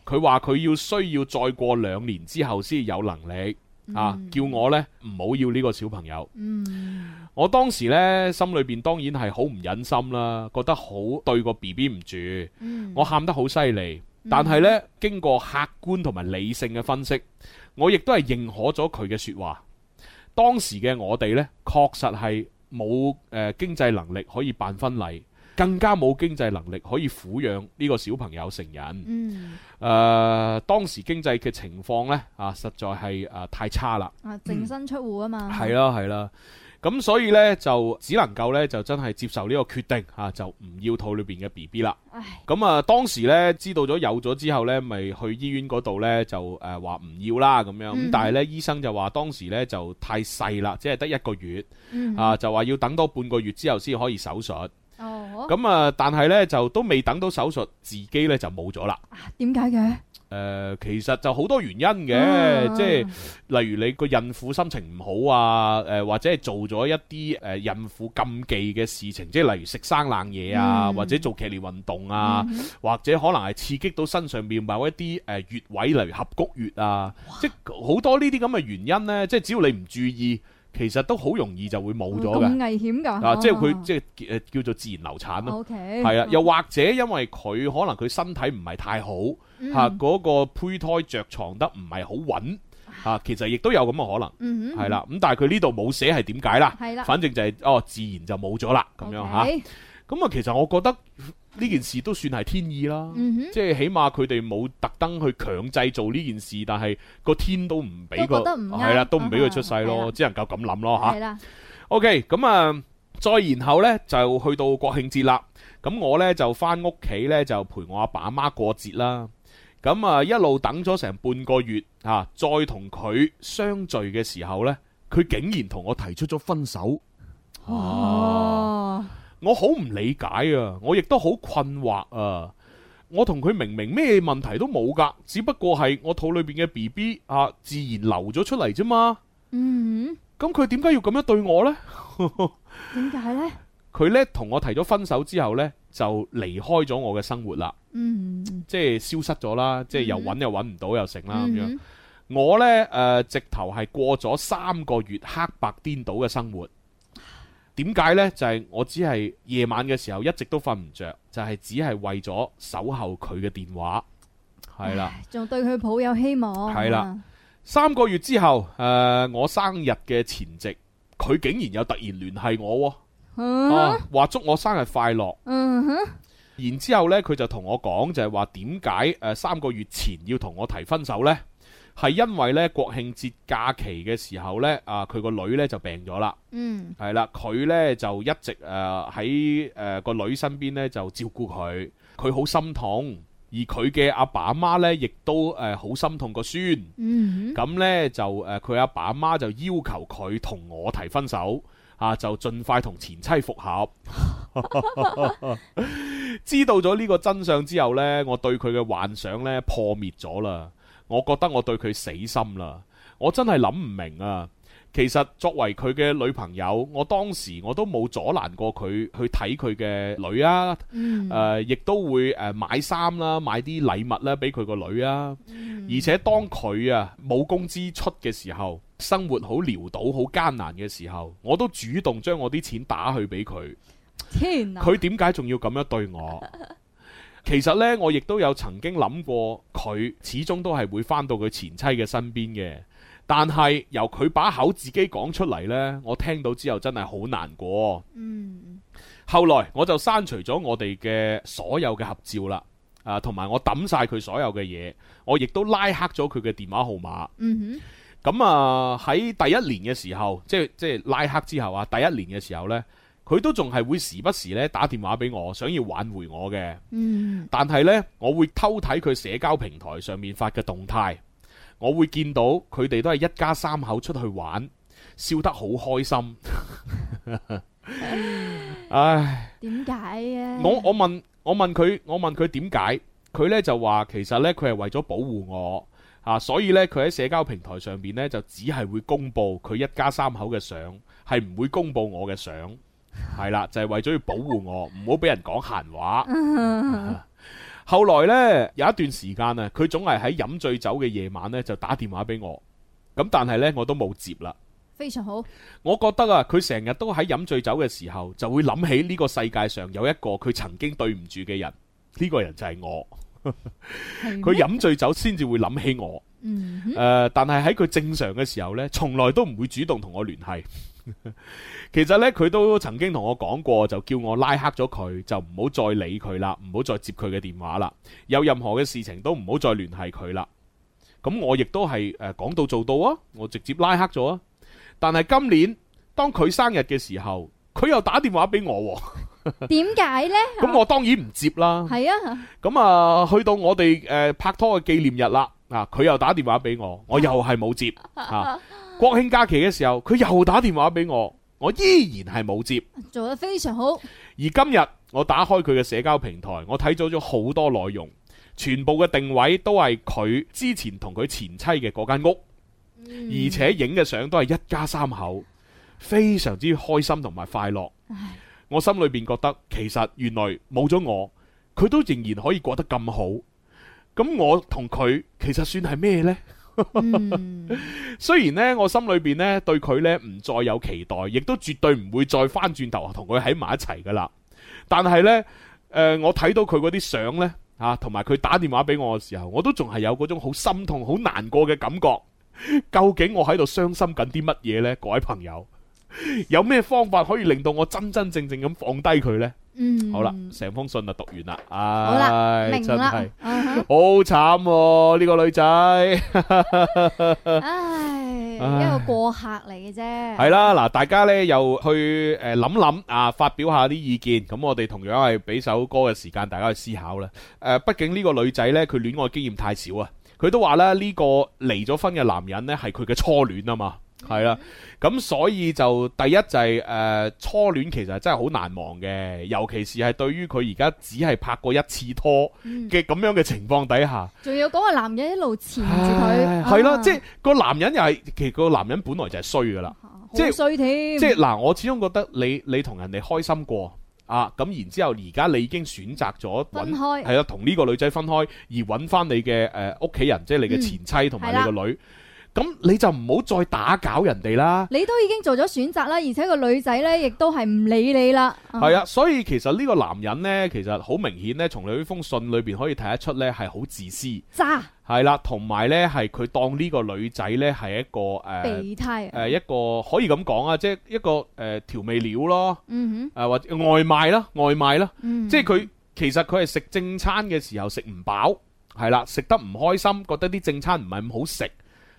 佢話佢要需要再過兩年之後先有能力、嗯、啊，叫我呢唔好要呢個小朋友、嗯。我當時呢，心裏邊當然係好唔忍心啦，覺得好對個 BB 唔住。嗯、我喊得好犀利，但係呢，經過客觀同埋理性嘅分析，我亦都係認可咗佢嘅說話。當時嘅我哋呢，確實係冇誒經濟能力可以辦婚禮。更加冇經濟能力可以撫養呢個小朋友成人。嗯，誒、呃、當時經濟嘅情況呢，啊實在係、啊、太差啦。啊，淨身出戶啊嘛。係啦係啦，咁、啊啊、所以呢，就只能夠呢，就真係接受呢個決定、啊、就唔要肚裏面嘅 B B 啦。咁啊當時呢，知道咗有咗之後呢，咪去醫院嗰度呢，就誒話唔要啦咁樣。咁、嗯、但係呢，醫生就話當時呢，就太細啦，即係得一個月。嗯、啊，就話要等多半個月之後先可以手術。哦，咁啊，但係呢，就都未等到手術，自己呢就冇咗啦。點解嘅？誒、呃，其實就好多原因嘅、啊，即係例如你個孕婦心情唔好啊，誒、呃、或者係做咗一啲誒、呃、孕婦禁忌嘅事情，即係例如食生冷嘢啊、嗯，或者做劇烈運動啊、嗯，或者可能係刺激到身上面某一啲誒穴位，例如合谷穴啊，即好多呢啲咁嘅原因呢，即係只要你唔注意。其實都好容易就會冇咗㗎。咁危險㗎、啊，啊，即係佢、啊、即係叫做自然流產咯，係、okay，啊，又或者因為佢可能佢身體唔係太好，嗰、嗯啊嗰個胚胎着床得唔係好穩、啊，其實亦都有咁嘅可能，係啦，咁、嗯、但係佢呢度冇寫係點解啦，反正就係、係、哦自然就冇咗啦，咁、okay，樣吓。啊咁啊，其實我覺得呢件事都算係天意啦，嗯、即係起碼佢哋冇特登去強制做呢件事，但係個天都唔俾佢，係啦，都唔俾佢出世咯、嗯，只能夠咁諗咯嚇。OK，咁啊，再然後呢，就去到國慶節啦。咁我呢，就翻屋企呢，就陪我阿爸阿媽過節啦。咁啊一路等咗成半個月啊，再同佢相聚嘅時候呢，佢竟然同我提出咗分手。哦、啊。啊我好唔理解啊！我亦都好困惑啊！我同佢明明咩問題都冇噶，只不過係我肚裏邊嘅 BB 啊，自然流咗出嚟啫嘛。嗯，咁佢點解要咁樣對我呢？點 解呢？佢呢同我提咗分手之後呢，就離開咗我嘅生活啦。嗯，即係消失咗啦，即係又搵又搵唔到又成啦咁樣。我呢誒，呃、直頭係過咗三個月黑白顛倒嘅生活。點解呢？就係、是、我只係夜晚嘅時候一直都瞓唔着，就係、是、只係為咗守候佢嘅電話，係啦，仲對佢抱有希望。係啦，啊、三個月之後，誒、呃，我生日嘅前夕，佢竟然又突然聯繫我，話、啊、祝我生日快樂。嗯哼，然之後呢，佢就同我講，就係話點解誒三個月前要同我提分手呢？係因為咧國慶節假期嘅時候咧，啊，佢個女咧就病咗啦，嗯、係啦，佢咧就一直誒喺誒個女身邊咧就照顧佢，佢好心痛，而佢嘅阿爸阿媽咧亦都誒好心痛個孫，嗯、咁咧就誒佢阿爸阿媽就要求佢同我提分手，啊就盡快同前妻復合。 知道咗呢個真相之後咧，我對佢嘅幻想咧破滅咗啦。我覺得我對佢死心啦！我真係諗唔明啊！其實作為佢嘅女朋友，我當時我都冇阻攔過佢去睇佢嘅女啊！誒、嗯呃，亦都會誒買衫啦，買啲禮物咧俾佢個女啊！嗯、而且當佢啊冇工資出嘅時候，生活好潦倒，好艱難嘅時候，我都主動將我啲錢打去俾佢。天啊！佢點解仲要咁樣對我？其實咧，我亦都有曾經諗過，佢始終都係會翻到佢前妻嘅身邊嘅。但係由佢把口自己講出嚟呢，我聽到之後真係好難過。後、嗯、後來我就刪除咗我哋嘅所有嘅合照啦。啊，同埋我抌晒佢所有嘅嘢，我亦都拉黑咗佢嘅電話號碼。咁、嗯、啊喺第一年嘅時候，即係即係拉黑之後啊，第一年嘅時候呢。佢都仲係會時不時咧打電話俾我，想要挽回我嘅。嗯，但係呢，我會偷睇佢社交平台上面發嘅動態，我會見到佢哋都係一家三口出去玩，笑得好開心。 唉，點解呀？我我問，我問佢，我問佢點解？佢呢就話，其實呢，佢係為咗保護我，啊，所以呢，佢喺社交平台上面呢，就只係會公佈佢一家三口嘅相，係唔會公布我嘅相。係啦，就係、是、為咗要保護我，唔好俾人講閒話， 啊。後來呢，有一段時間啊，佢總係喺飲醉酒嘅夜晚呢就打電話俾我，咁但係呢，我都冇接啦。非常好，我覺得啊，佢成日都喺飲醉酒嘅時候就會諗起呢個世界上有一個佢曾經對唔住嘅人，呢、這個人就係我。佢 飲 醉酒先至會諗起我。嗯，誒，但係喺佢正常嘅時候呢，從來都唔會主動同我聯繫。 其實咧，佢都曾經同我講過，就叫我拉黑咗佢，就唔好再理佢啦，唔好再接佢嘅電話啦。有任何嘅事情都唔好再聯繫佢啦。咁我亦都係誒講到做到啊，我直接拉黑咗啊。但係今年當佢生日嘅時候，佢又打電話俾我，啊，點 解麼呢？咁 我當然唔接啦。係啊，咁啊，去到我哋，誒、呃、拍拖嘅紀念日啦，啊，佢又打電話俾我，我又係冇接吓。啊 國慶假期嘅時候，佢又打電話俾我，我依然係冇接，做得非常好。而今日我打開佢嘅社交平台，我睇咗咗好多內容，全部嘅定位都係佢之前同佢前妻嘅嗰間屋，嗯，而且影嘅相都係一家三口，非常之開心同埋快樂。我心裏邊覺得，其實原來冇咗我，佢都仍然可以過得咁好。咁我同佢其實算係咩呢？ 雖然咧，我心裏邊咧對佢咧唔再有期待，亦都絕對唔會再翻轉頭同佢喺埋一齊噶啦。但係咧，誒、呃，我睇到佢嗰啲相咧，吓、啊，同埋佢打電話俾我嘅時候，我都仲係有嗰種好心痛、好難過嘅感覺。究竟我喺度傷心緊啲乜嘢呢？各位朋友，有咩方法可以令到我真真正正咁放低佢呢？嗯，好啦，成封信就讀完啦，好啦，唉，真係、嗯、好慘呢、啊呢個女仔，唉，一個過客嚟嘅啫。係啦，嗱，大家呢又去誒諗諗啊，發表一下啲意見。咁我哋同樣係俾首歌嘅時間，大家去思考啦。誒，畢竟呢個女仔呢，佢戀愛經驗太少啊。佢都話咧，呢個離咗婚嘅男人呢，係佢嘅初戀啊嘛。係啦、啊，咁所以就第一就係、是、誒，初戀其實真係好難忘嘅，尤其是係對於佢而家只係拍過一次拖嘅咁樣嘅情況底下，仲、嗯、有嗰個男人一路纏住佢，係啦，即、啊、係、啊就是、個男人又係，其實個男人本來就係衰噶啦，即係衰添，即係嗱，我始終覺得你你同人哋開心過啊，咁然之後而家你已經選擇咗分開，係啦，同呢個女仔分開而搵翻你嘅誒屋企人，即、就、係、是、你嘅前妻同埋你個女。嗯咁你就唔好再打攪人哋啦。你都已經做咗選擇啦，而且個女仔呢亦都係唔理你啦。係、uh-huh. 啊，所以其實呢個男人呢，其實好明顯呢，從你呢封信裏面可以睇得出呢，係好自私渣係啦。同埋呢，係佢當呢個女仔呢係一個誒備、呃、胎、啊呃、一個可以咁講啊，即、就、係、是、一個誒、呃、調味料咯。嗯哼或者外賣啦，外賣啦、嗯。即係佢其實佢係食正餐嘅時候食唔飽係啦，食得唔開心，覺得啲正餐唔係咁好食。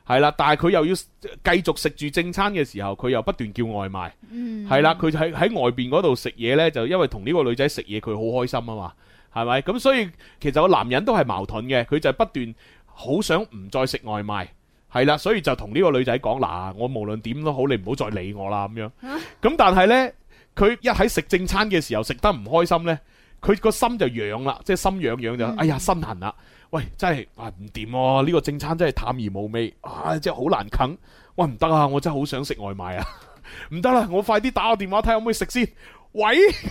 係啦，但係佢又要繼續食住正餐嘅時候，佢又不斷叫外賣。嗯，係啦，佢喺喺外邊嗰度食嘢呢，就因為同呢個女仔食嘢，佢好開心啊嘛，係咪？咁所以其實個男人都係矛盾嘅，佢就不斷好想唔再食外賣。係啦，所以就同呢個女仔講：嗱、啊，我無論點都好，你唔好再理我啦咁樣。咁、啊、但係呢，佢一喺食正餐嘅時候食得唔開心呢，佢個心就癢啦，即、就、係、是、心癢癢就、嗯，哎呀，心痕啦。.喂，真係唔掂喎！呢、啊啊這個正餐真係淡而無味，啊，真係好難啃。喂，唔得啊！我真係好想食外賣啊！唔得啦，我快啲打個電話睇下可唔可以食先。喂，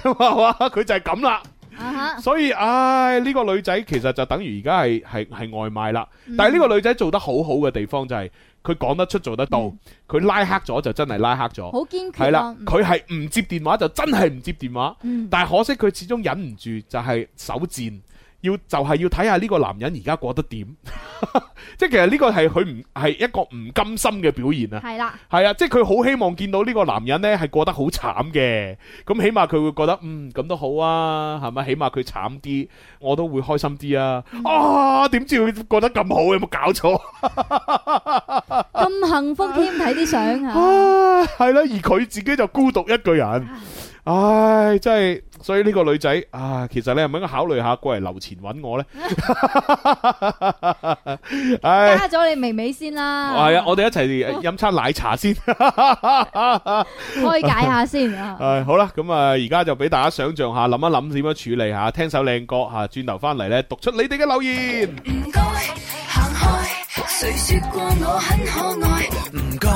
佢就係咁啦。Uh huh. 所以，唉、啊、呢、這個女仔其實就等於而家係係外賣啦。但係呢個女仔做得好好嘅地方就係佢講得出做得到，佢、嗯、拉黑咗就真係拉黑咗。好堅決、啊。係啦，佢係唔接電話就真係唔接電話。但係可惜佢始終忍唔住就係、是、手賤。要就係、是、要睇下呢個男人而家過得點，即係其實呢個係佢唔係一個唔甘心嘅表現啊！係啦，係啊，即係佢好希望見到呢個男人呢係過得好慘嘅，咁起碼佢會覺得嗯咁都好啊，係咪？起碼佢慘啲，我都會開心啲啊、嗯、啊！啊，點知佢過得咁好，有冇搞錯？咁 幸福添，睇啲相啊！係啦，而佢自己就孤獨一個人。唉，真係，所以呢個女仔啊，其實你係咪應該考慮下過嚟留錢揾我咧？ 加咗你微微先啦。係啊，我哋一齊飲餐奶茶先，哦，開 解下先，啊。唉，好啦，咁啊，而家就俾大家想象下，諗一諗點樣處理下，聽首靚歌吓，轉頭翻嚟咧，讀出你哋嘅留言。唔該行開，誰說過我很可愛，唔該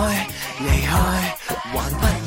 離開，還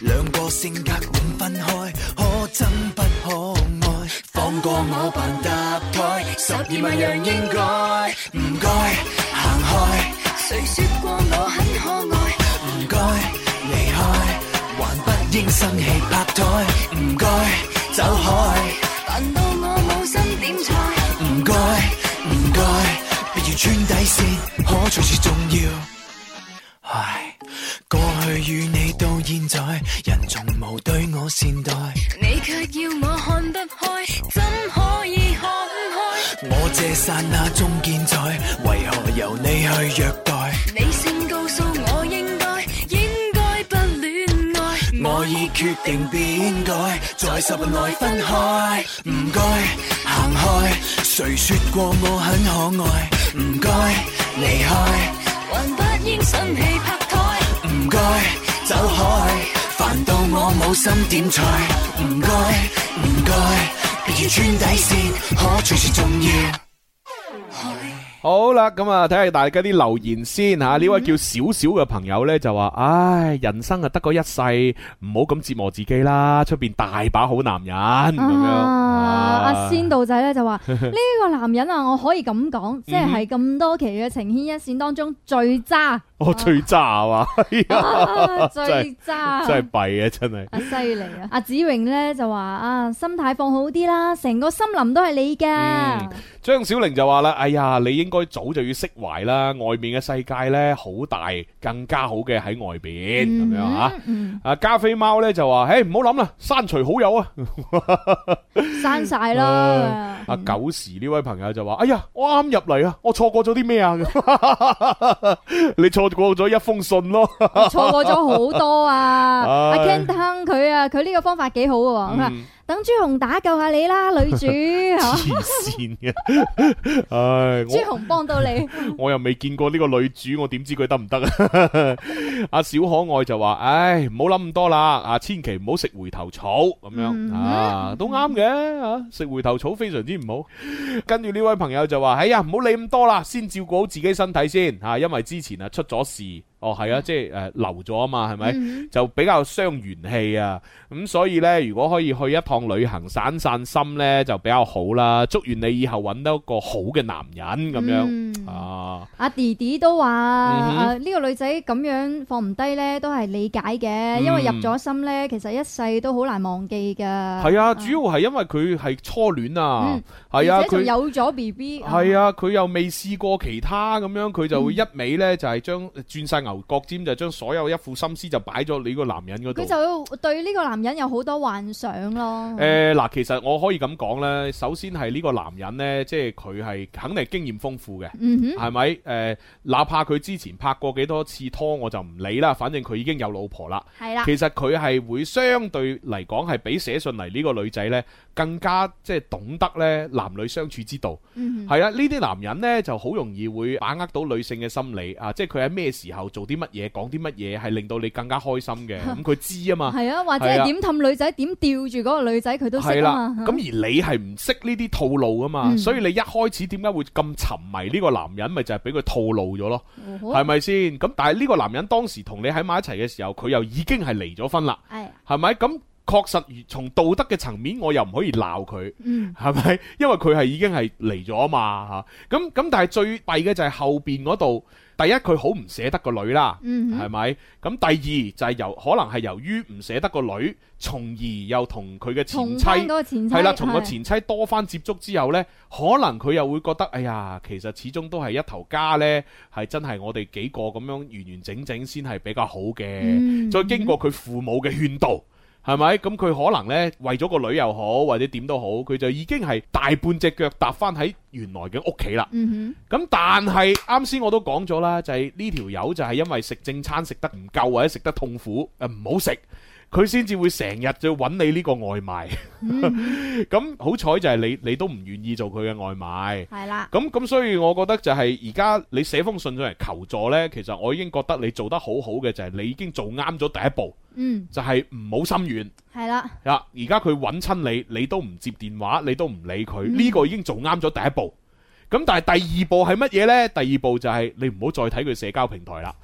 兩個性格本分開，可憎不可愛。放過我扮搭台，十二萬樣應該。唔該行開，誰說過我很可愛？唔該離開，還不應生氣拍台。唔該走開，難道我冇心點菜？唔該唔該，不要穿底線，可隨時重要。唉，過去與你到現在，人從無對我善待，你卻要我看不開，怎可以看開？我這剎那中建在，為何由你去虐待？你先告訴我應該，應該不戀愛，我已決定變改，在十內分開。唔該，行開，誰說過我很可愛？唔該，離開。還不應生氣拍台，唔該走開，煩到我冇心點菜，唔該唔該，別要穿底線，可隨時重要。好啦，咁啊，睇下大家啲留言先吓。呢、啊、位叫小小嘅朋友呢，就話：唉，人生啊得個一世，唔好咁折磨自己啦。出邊大把好男人。啊，阿仙道仔呢，就話： 呢、這個男人啊，我可以咁講，即係係咁多期嘅《情牽一線》當中最渣。我最渣啊，啊，最渣真係弊啊！真係。阿犀利啊！阿子榮咧就話啊，心態放好啲啦，成個森林都係你嘅。嗯，張小玲就話啦，哎呀，你應該早就要釋懷啦，外面嘅世界咧好大，更加好嘅喺外邊咁樣吓。阿加菲貓咧就話，誒、欸，唔好諗啦，刪除好友啊，刪晒啦。阿、啊、九、嗯啊、時呢位朋友就話，哎呀，我啱入嚟啊，我錯過咗啲咩啊？你錯過咗一封信咯，錯過咗好多啊！阿 Ken Tan 佢啊，佢、啊、呢、啊、個方法幾好嘅喎。等朱紅打救下你啦，女主！黐線嘅，唉！朱紅幫到你，我又未見過呢個女主，我點知佢得唔得啊？阿 小可愛就話：，唉，唔好諗咁多啦，啊，千祈唔好食回頭草咁樣啊，都啱嘅吓，食回頭草非常之唔好。跟住呢位朋友就話：，哎呀，唔好理咁多啦，先照顧好自己身體先吓，因為之前啊出咗事。哦，係啊，即係誒流咗啊嘛，係咪？就比較傷元氣啊，咁所以咧，如果可以去一趟旅行散散心咧，就比較好啦。祝願你以後揾到一個好嘅男人咁樣、嗯、啊。阿弟弟都話呢、嗯啊這個女仔咁樣放唔低咧，都係理解嘅、嗯，因為入咗心咧，其實一世都好難忘記噶。係啊，啊，主要係因為佢係初戀啊，係、嗯、啊，佢有咗 B B，係啊，佢、啊、又未試過其他咁樣，佢就會一味咧就係將轉晒。牛角尖就將所有一副心思就擺咗你個男人嗰度，佢就對呢個男人有好多幻想咯。誒，嗱，其實我可以咁講咧，首先係呢個男人呢，即係佢係肯定經驗豐富嘅，係、嗯、咪？誒、呃，哪怕佢之前拍過幾多次拖，我就唔理啦，反正佢已經有老婆啦。係啦，其實佢係會相對嚟講係比寫信嚟呢個女仔呢更加即係懂得呢男女相處之道。係、嗯、啦，呢啲男人呢就好容易會把握到女性嘅心理啊，即係佢喺咩時候。做啲乜嘢講啲乜嘢係令到你更加開心嘅，咁佢知嘛，啊嘛，係啊，或者係點氹女仔點、啊、吊住嗰個女仔佢都識啊，咁而你係唔識呢啲套路啊嘛、嗯、所以你一開始，點解會咁沉迷呢個男人，咪就係俾佢套路咗咯，係咪先？咁，但係呢個男人當時同你喺埋一齊嘅時候佢又已經係離咗婚啦，係咪？咁，確實，從道德嘅層面我又唔可以鬧佢，係咪？因為佢係已經係離咗啊嘛，吓，咁咁，但係最弊嘅就係後邊嗰度。第一佢好唔捨得個女啦，嗯、係咪？咁第二就係、是、由可能係由於唔捨得個女，從而又同佢嘅前妻，係啦，同個前妻，前妻多番接觸之後呢，可能佢又會覺得，哎呀，其實始終都係一頭家呢，係真係我哋幾個咁樣完完整整先係比較好嘅、嗯。再經過佢父母嘅勸導。係咪？咁佢可能呢，為咗個女又好，或者點都好，佢就已經係大半隻腳踏翻喺原來嘅屋企啦。咁、嗯、但係啱先我都講咗啦，就係呢條友就係因為食正餐食得唔夠，或者食得痛苦，誒，唔好食。佢先至會成日就揾你呢個外賣、嗯，咁 好彩就係你，你都唔願意做佢嘅外賣。係啦，咁咁，所以我覺得就係而家你寫封信上嚟求助呢，其實我已經覺得你做得好好嘅就係你已經做啱咗第一步。嗯，就係唔好心軟。係啦。而家佢揾親你，你都唔接電話，你都唔理佢，呢、呢個已經做啱咗第一步。咁、嗯、但係第二步係乜嘢呢？第二步就係你唔好再睇佢社交平台啦。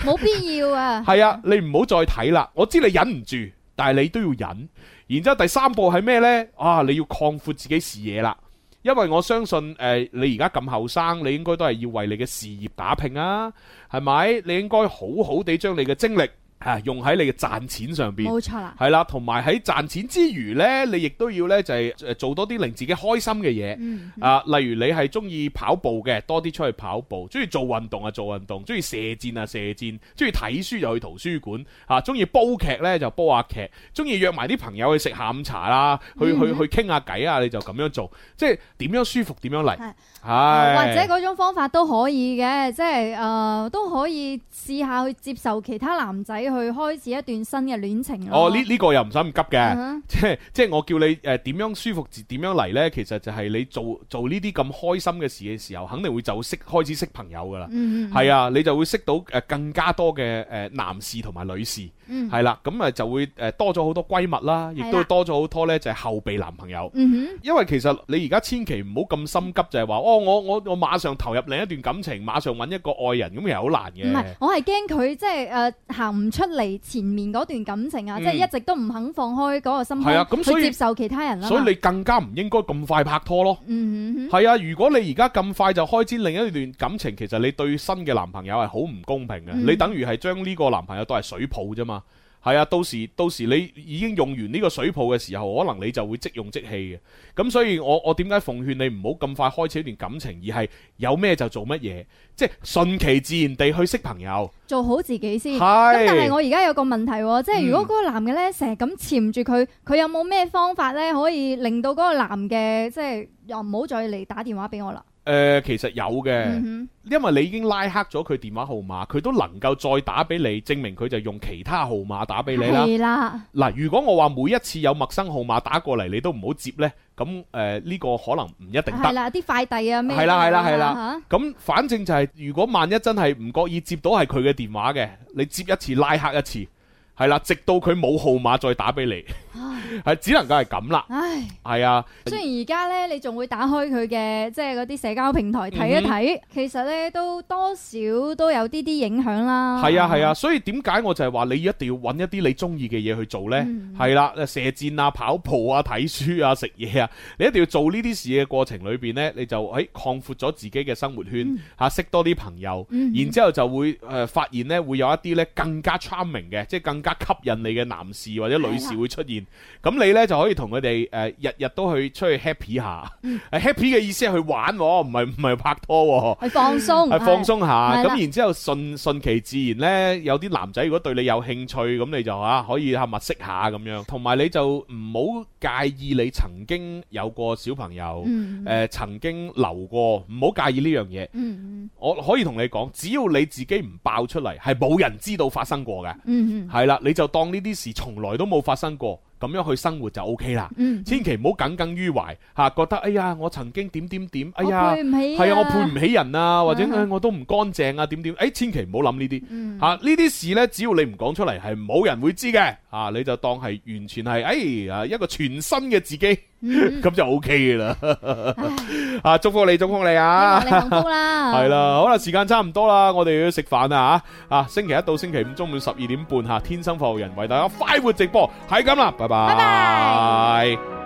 冇 必要啊！係啊，你唔好再睇啦。我知你忍唔住，但係你都要忍。然之後第三步係咩呢？啊，你要擴闊自己視野啦。因為我相信誒、呃，你而家咁後生，你應該都係要為你嘅事業打拼啊，係咪？你應該好好地將你嘅精力。啊，用喺你嘅賺錢上面，冇錯啦，係啦，同埋喺賺錢之餘呢，你亦都要呢，就係、誒、做多啲令自己開心嘅嘢，嗯嗯。啊，例如你係中意跑步嘅，多啲出去跑步；中意做運動啊，做運動；中意射箭啊，射箭；中意睇書就去圖書館嚇；中、啊、意煲劇呢，就煲下劇；中意約埋啲朋友去食下午茶啦，去、嗯、去去傾下偈啊，你就咁樣做，即係點樣舒服點樣嚟、哎，或者嗰種方法都可以嘅，即係、呃、都可以試下去接受其他男仔。去開始一段新嘅戀情哦，呢呢、呢個又唔使咁急嘅，uh-huh. 即即我叫你誒、呃、點樣舒服點樣嚟呢？其實就係你做做呢啲咁開心嘅事嘅時候，肯定會就識開始識朋友噶啦。嗯，係啊，你就會識到誒更加多嘅誒、呃、男士同埋女士。係、嗯、啦，咁啊就會誒多咗好多閨蜜啦，亦都多咗好多咧，就係後備男朋友。嗯、因為其實你而家千祈唔好咁心急就，就係話哦，我我我馬上投入另一段感情，馬上搵一個愛人，咁其實好難嘅。唔係，我係驚佢即係誒行唔出嚟前面嗰段感情啊，即、嗯、係、就是、一直都唔肯放開嗰個心，係啊，咁所以接受其他人所，所以你更加唔應該咁快拍拖咯。係、嗯、啊，如果你而家咁快就開始另一段感情，其實你對新嘅男朋友係好唔公平嘅、嗯，你等於係將呢個男朋友當係水泡啫嘛。係啊，到時到時你已經用完呢個水泡嘅時候，可能你就會即用即棄嘅。咁所以我，我我點解奉勸你唔好咁快開始一段感情，而係有咩就做乜嘢，即係順其自然地去識朋友，做好自己先。咁是但係我而家有個問題，即係如果嗰個男嘅呢成日咁纏住佢，佢、嗯、有冇咩方法呢可以令到嗰個男嘅即係又唔好再嚟打電話俾我啦？誒、呃，其實有嘅、嗯，因為你已經拉黑咗佢電話號碼，佢都能夠再打俾你，證明佢就用其他號碼打俾你啦。係啦，嗱，如果我話每一次有陌生號碼打過嚟，你都唔好接呢，咁呢、呃呢個可能唔一定得。係啦，啲快遞呀，咩係啦係啦係啦，咁反正就係、是，如果萬一真係唔覺意接到係佢嘅電話嘅，你接一次拉黑一次，係啦，直到佢冇號碼再打俾你。係，只能夠係咁啦。係啊，雖然而家呢，你仲會打開佢嘅即係嗰啲社交平台睇一睇，嗯，其實呢都多少都有啲啲影響啦。係啊，係啊，所以點解我就係話你一定要揾一啲你中意嘅嘢去做呢？係、嗯、啦、啊，射箭啊、跑步啊、睇書啊、食嘢啊，你一定要做呢啲事嘅過程裏邊呢，你就喺擴闊咗自己嘅生活圈，吓、嗯啊、識多啲朋友，嗯、然之後就會誒、呃、發現咧會有一啲呢更加 charming 嘅，即、就、係、是、更加吸引你嘅男士或者女士會出現。咁你呢就可以同佢哋，誒，日日都去出去 happy 下。嗯、happy 嘅意思係去玩，唔係唔係拍拖，係放鬆，係 放鬆下。咁然之後順順其自然呢，有啲男仔如果對你有興趣，咁你就吓、啊、可以吓物識下咁樣。同埋你就唔好介意你曾經有過小朋友誒、嗯呃，曾經留過，唔好介意呢樣嘢。我可以同你講，只要你自己唔爆出嚟，係冇人知道發生過嘅。係、嗯、啦，你就當呢啲事從來都冇發生過。咁樣去生活就 OK 啦，千祈唔好耿耿於懷，吓、啊、覺得哎呀我曾經點點點，哎呀係啊，啊我配唔起人啊，或者、哎、我都唔乾淨啊點點，誒、哎、千祈唔好諗呢啲，吓呢啲事呢，只要你唔講出嚟係冇人會知嘅。啊！你就當係完全係，誒、哎、啊一個全新嘅自己，咁、嗯、就 O K 噶啦。啊，祝福你，祝福你啊！你幸福啦，係 啦，好啦，時間差唔多啦，我哋要食飯啦吓。啊，星期一到星期五中午十二點半吓，天生放人為大家快活直播，係咁啦，拜拜。拜拜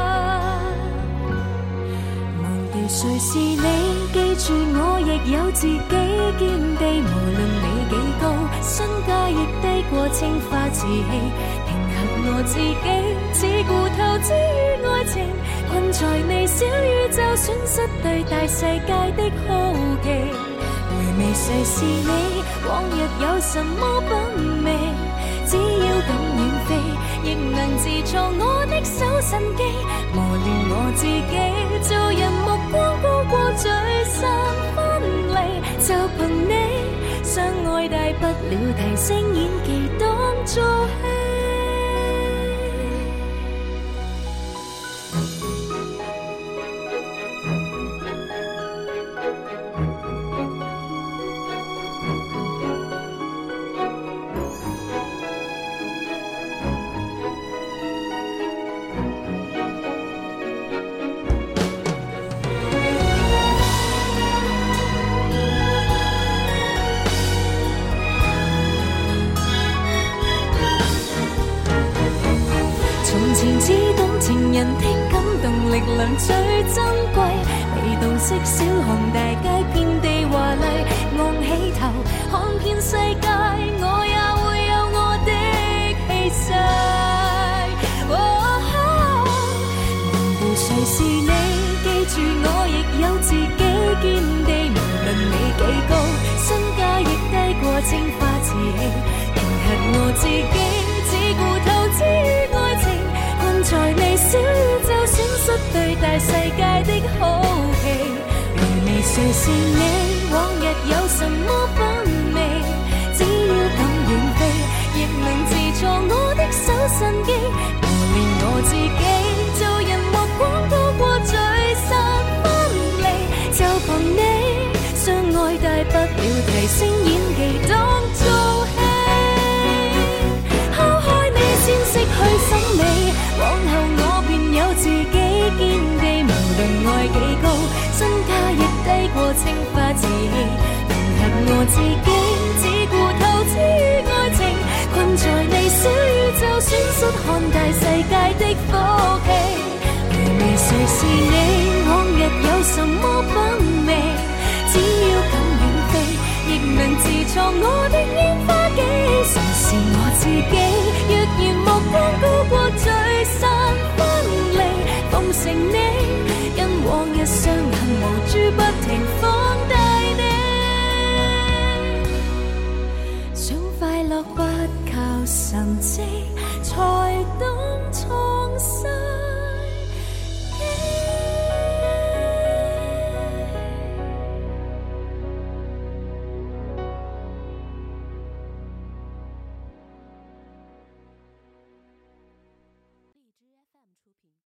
誰是你？記住我，亦有自己見地，無論你幾高，身價亦低過青花瓷器。平衡我自己，只顧投資於愛情，困在微小宇宙，損失對大世界的好奇。回味誰是你？往日有什麼品味？只要敢遠飛，亦能自創我的搜神記。磨練我自己，做人。光顧過聚散分離，就憑你相愛，大不了提升演技當做戲。